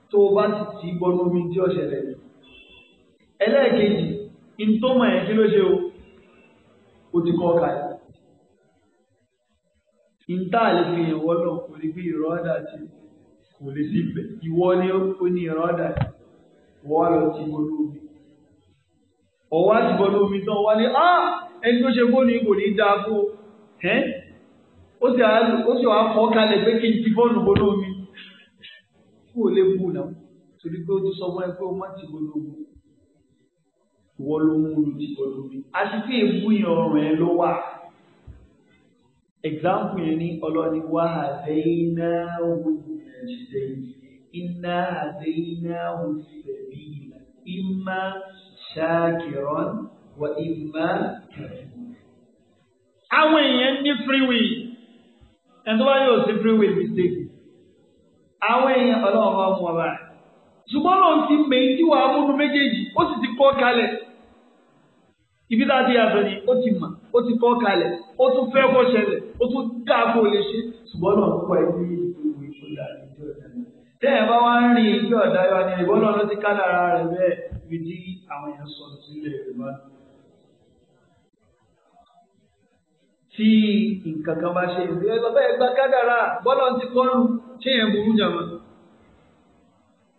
tó o bá ti tì í bọ́lú mi tí ó ṣẹlẹ̀ ni ẹlẹ́ẹ̀kejì ní tó mọ̀ yẹn kí ló ṣe o ó ti kọ́ ọ̀ka yìí ní tá a lè fi ìwọ́lọ̀ kò ní bí ìrọ́dà ti kú kò lè síbẹ̀ ìwọ ni ó ní ìrọ́dà wọ́n lọ ti bọ́lú omi ọ̀wá ti bọ́lú omi tán wá ní á ah! ẹni tó ṣe fóònù kò ní dáa fún o ẹ́ ó sì wá fọ́ kalẹ̀ pé kí n ti fóònù bọ́lú omi kú lè bù náà torí pé ó ti sọ fún ẹ pé ó má ti bọ́lú omi ìwọ ló mú un ti bọ́lú omi àti pé èbú yẹn ọrùn ẹ ló wà example yẹn ní ọlọ́ni wàhálẹ́ iná wò. إنا هديناه السبيل إما شاكرا وإما كفورا àwọn èèyàn ní free will ẹni tó bá yóò sí free will mistake àwọn èèyàn ọlọ́run bá mú ọba rẹ̀ ṣùgbọ́n lòun ti mèyí tí wàá múnú méjèèjì ó sì ti kọ́ kalẹ̀ ibi tá a ti yàtọ̀ ni ó ti mà ó ti kọ́ kalẹ̀ ó tún fẹ́ kó ṣẹlẹ̀ ó tún dáa kó lè ṣe ṣùgbọ́n lòun kọ́ ẹ̀ ní tẹ́ẹ̀ bá wá ń rìn ìgbé ọ̀dá yọ ni ìbọn náà ló ti ká lára rẹ̀ bẹ́ẹ̀ fi dí àwọn èèyàn sọ sílẹ̀ Yorùbá. tí nǹkan kan bá ṣe ìlú ẹgbẹ́ bẹ́ẹ̀ gba kádàrá bọ́lá ti kọ́rùn ṣé yẹn burú jàmọ́.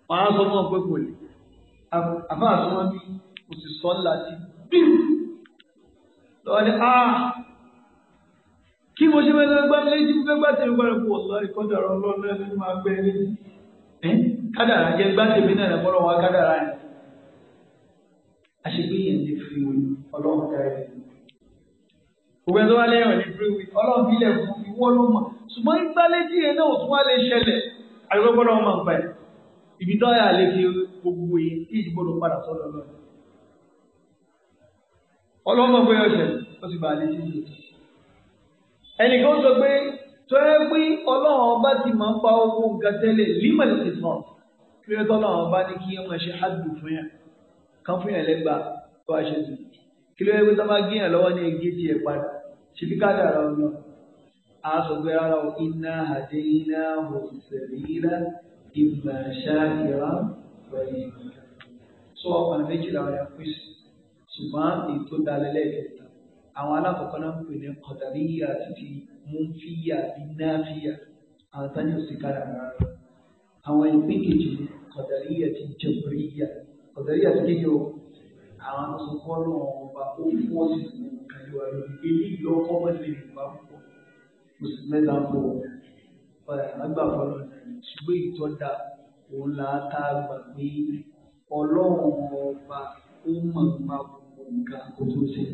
wọ́n á sọ fún ọ pé kò lè àbá àsọmọ́ bí kò sì sọ́ ńlá sí bí lọ́ọ́ ni áà kí mo ṣe fẹ́ gbá létí mo fẹ́ gbá tèmi padà kú ọ̀la ìkọ́dàrà ọlọ́run náà ló máa gbé létí kádàrà jẹ gbá tèmi náà lọ́wọ́ wa kádàrà ni àṣegbé yẹn ti fi ọlọ́run dá ẹ̀ gbogbo ẹni tó wá lẹ́yìn ọ̀nì bíríwì ọlọ́run bí ilẹ̀ fún ìwọ ló mọ̀ ṣùgbọ́n gbá létí yẹn náà ò tún wá lè ṣẹlẹ̀ àgbẹ̀gbọ́n náà máa ń pa ẹ̀ ibi tó yà lè fi gbogbo yẹn tí ìdìbò ló padà sọ́dọ̀ náà ọlọ́run mọ̀ pé ọ̀ṣẹ̀ ó sì bá létí yìí ẹnìkan sọ pé tó ẹ pé ọlọ́run ọba ti máa ń pa owó nǹkan tẹ́lẹ̀ límọ̀lì ti sàn kí ló tọ́ ọlọ́run ọba ní kí ẹ máa ṣe hádù fún yàn kan fún yàn lẹ́gbàá tó a ṣe sí kí ló yẹ pé tó bá gé lọ́wọ́ ní ege tí ẹ padà ṣe bí káàdà ara ọ̀nà a sọ pé rárá o iná àdé iná ò sẹ̀rí ilá ìgbà ṣáàkìrá pẹ̀lú sọ ọ̀nà méjìlá ọ̀yà pèsè ṣùgbọ́n ètò dalẹ̀ lẹ́ẹ̀kẹ́ àwọn alákọ̀ọ́kọ́ náà ń pè ní kọ̀dàríyà àti múfíyà bíi náfíyà àwọn tani òsì kára rárá àwọn ìpín kejì ní kọ̀dàríyà àti jẹ̀bùríyà kọ̀dàríyà àti kéde o àwọn àsopọ̀ náà ọba ó fún ọ̀sìn kàlẹ́ wa lórí ilé ìlú ọkọ̀ mọ́lẹ̀ yorùbá púpọ̀ oṣù mẹ́ta pọ̀ agbàfọ̀ lọ ṣùgbọ́n ìtọ́jà òun là á tá gbà pé ọlọ́run ọba ó mọ̀ nípa gbogbo kó tó ṣe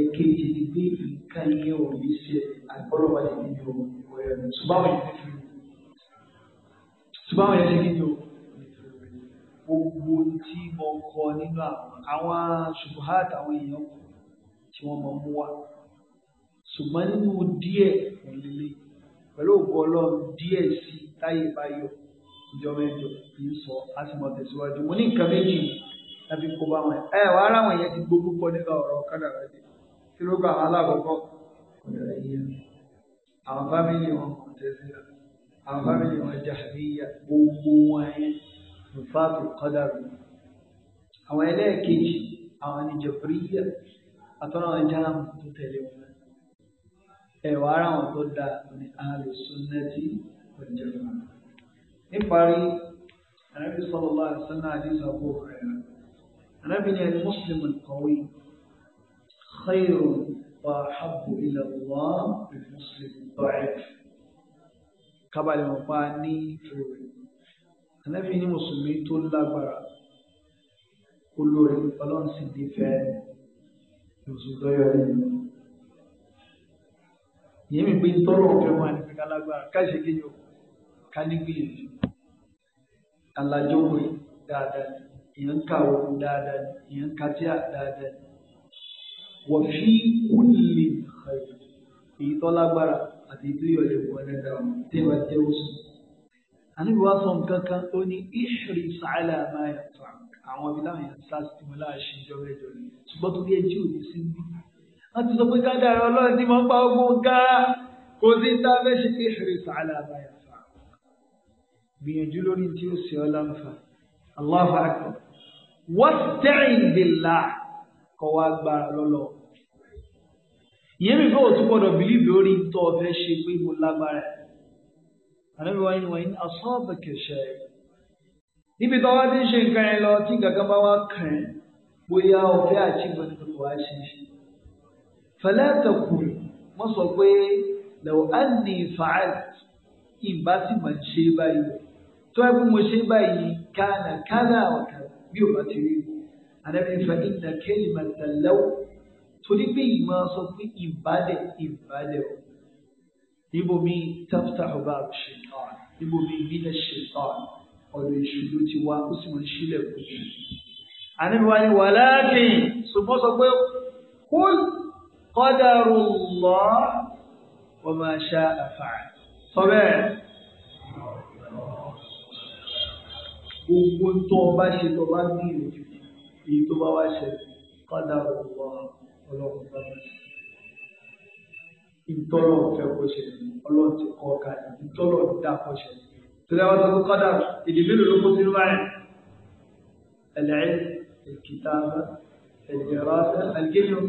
èkejì ni pé nǹkan yẹn ò ní ṣe àgbọ̀rọ̀ wà ní ìlú ìwọ̀rẹ́ rẹ̀ ṣùgbọ́n àwọn yẹn fi ṣùgbọ́n àwọn yẹn ṣe kí ni o gbogbo tí mo kọ nínú àwọn àwọn ṣùgbọ́n àtàwọn èèyàn kù tí wọ́n mọ̀ mú wa ṣùgbọ́n nínú díẹ̀ òlele pẹ̀lú òkú ọlọ́run díẹ̀ sí táyé bá yọ ìjọba kì í sọ á mọ tẹ̀síwájú mo ní nǹkan méjì láti kó bá wọn ẹ wàá ráwọn yẹn ti gbogbo pọ̀ nípa ọ̀rọ̀ kádàrá dé. kí ló gbà wọn alákọ̀ọ́kọ́ àwọn fámìlì wọn kò tẹ̀síra àwọn fámìlì wọn jàhìríyà gbogbo wọn yẹn nùfàtò kọ́dàrú àwọn ẹlẹ́ẹ̀kejì àwọn nìjọ̀bíríyà àtọ́nà wọn jáàmù tó tẹ̀lé wọn ẹ̀wà ara wọn tó da ní alùsùnẹ́tì ọ̀jọ̀gbọ́n. níparí anábì sallallahu alaihi wasallam àdìsọ́ àbúrò rẹ̀ anábì ní ẹni mùsùlùmí kọ̀wé. خير وأحب إلى الله بالمسلم الضعيف kábàlì wọn pa ní ìfòrè ànábì ní mùsùlùmí tó lágbára olórí ọlọ́run sì nífẹ̀ẹ́ ìrùsùdọ́yọ̀ nínú yìí mi pé tọ́rọ̀ ọ̀fẹ́ wọn àti pẹ̀ká lágbára káṣe kí yóò ká nígbìyànjú alájọpọ̀ dáadáa ni èèyàn ń kàwé dáadáa ni èèyàn ń katíà dáadáa ni wọ̀fí kúlì èyí tó lágbára àti èyí tó yọ lè wọ ẹ̀dá wọn tí wọ́n jẹ́ oṣù. àníbi wá sọ nǹkan kan ó ní ìṣòrí sàálà máa yà fà àwọn ibi táwọn yẹn sá sí wọn láàṣì ìjọba ìjọ ni ṣùgbọ́n torí ẹjí ò ní sí bí. wọ́n ti sọ pé kádàrá ọlọ́run ni mo ń pa ogun gáà kò sí ń dábẹ́ ṣe ìṣòrí sàálà máa yà fà. gbìyànjú lórí tí ó ṣe ọ láǹfà Allahu wá gbára lọ́lọ́ọ̀ ìyẹn mi gbọ́dọ̀ tún gbọ́dọ̀ bìlíìfù lórí tó o fẹ́ ṣe pé mo lágbára ẹ̀ àlọ́bí wáyé ni wáyé ní asọ́ọ̀bẹ̀kẹ̀ ṣe é níbi tó wá ti ń ṣe nǹkan ẹ lọ tí gàgán bá wá kàn ẹ́ bóyá o fẹ́ àtìmọ̀ nínú ṣe é fẹlẹ́ tẹ̀kù wọ́n sọ pé lẹ́wọ̀ á ní fàáìlì ìbá sì máa ń ṣe báyìí tó ẹ bí mo ṣe báyìí kánà kánà ọ̀kà bí ò bá ti rí torí pé ìmọ̀ sọ pé ìbálẹ̀ ìbálẹ̀ o níbomi tafta ọba ṣetán níbomi ìbílẹ̀ ṣetán ọ̀rọ̀ ìṣòro ti wá ó sì máa ń ṣílẹ̀ kú jù. àníwá ni wà láàkìn ṣùgbọ́n sọ pé kul qadarullah wa ma sha'a fa'al sọ bẹ́ẹ̀. gbogbo tó o ṣe tó o bá gbìyànjú èyí tó bá wá ṣe qadarullah. ọlọ́run bá mi sí ìtọ́lọ̀ fẹ́ kó ṣẹlẹ̀ ọlọ́run ti kọ́ ọ̀ka ìtọ́lọ̀ dá kó ṣẹlẹ̀ tó dáwọ́ tó kọ́ dà ìdílé ló kó sínú báyìí العلم الكتابة الدراسة الجلد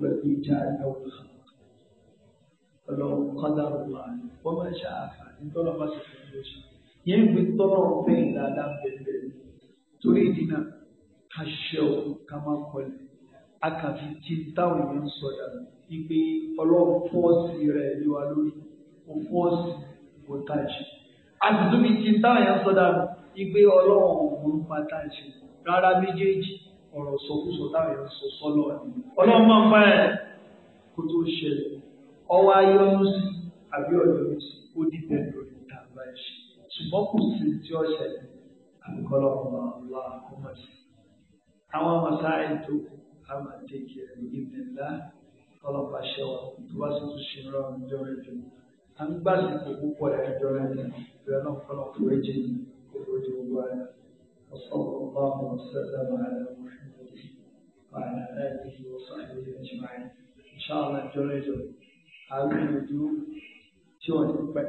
والإيجاد أو الخلق ọlọ́run kọ́dà ọ̀la wọ́n máa ṣe àfà nítorọ̀ bá ṣe fún mi lóṣù yẹn fi tọ́rọ̀ fẹ́ ìlànà bẹ̀rẹ̀ torí ìdínà ká ṣe ọ̀ ká má kọlẹ̀ a kàn fi ti táwọn èèyàn sọ dànù wípé ọlọ́run fọ́ọ̀sì rẹ̀ lé wa lórí kò fọ́ọ̀sì kò tàjì a sì tún fi ti táwọn èèyàn sọ dànù wípé ọlọ́run òun pa tàjì rárá méjèèjì ọ̀rọ̀ sọkúsọ táwọn èèyàn sọ sọ́lọ́ ọlọ́run máa ń bá ẹ̀ kó tó ṣẹlẹ̀ ọwọ́ ayọ́nú sí àbí ọ̀yọ́nú sí ó dìbẹ̀ lórí ìtàgbà ẹ̀ṣẹ̀ ṣùgbọ́n kò sí tí ó àbíkọ́lọ́ ọmọ ọlọ́run kọ́mọ̀ sí àwọn mọ̀sáà ètò a máa tẹ̀ kí ẹ ní ibi ńlá ọlọ́pàá ṣe wa tó bá sì tún ṣe ń rọrùn jọ rẹ jù à ń gbàsìkò púpọ̀ rẹ jọ rẹ jù ìrẹ náà fọlọ́ fún ẹjẹ ní gbogbo ojú gbogbo ara وصلى الله وسلم على محمد وعلى آله وصحبه أجمعين إن شاء الله جل جل àgbìyànjú tí wọn ti pẹ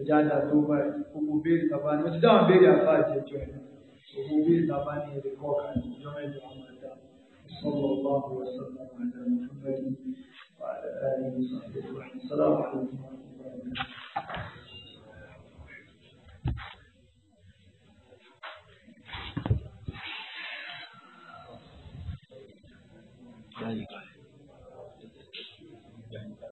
ẹja àjà tó bá yẹ gbogbo béèrè tàbá ni wọn ti dáhùn béèrè àfa àjẹjọ ẹ gbogbo béèrè tàbá ni èrè kọkà ìjọ mẹ́jọ wọn. صلى الله وسلم على محمد وعلى آله وصحبه وسلم السلام عليكم ورحمة الله وبركاته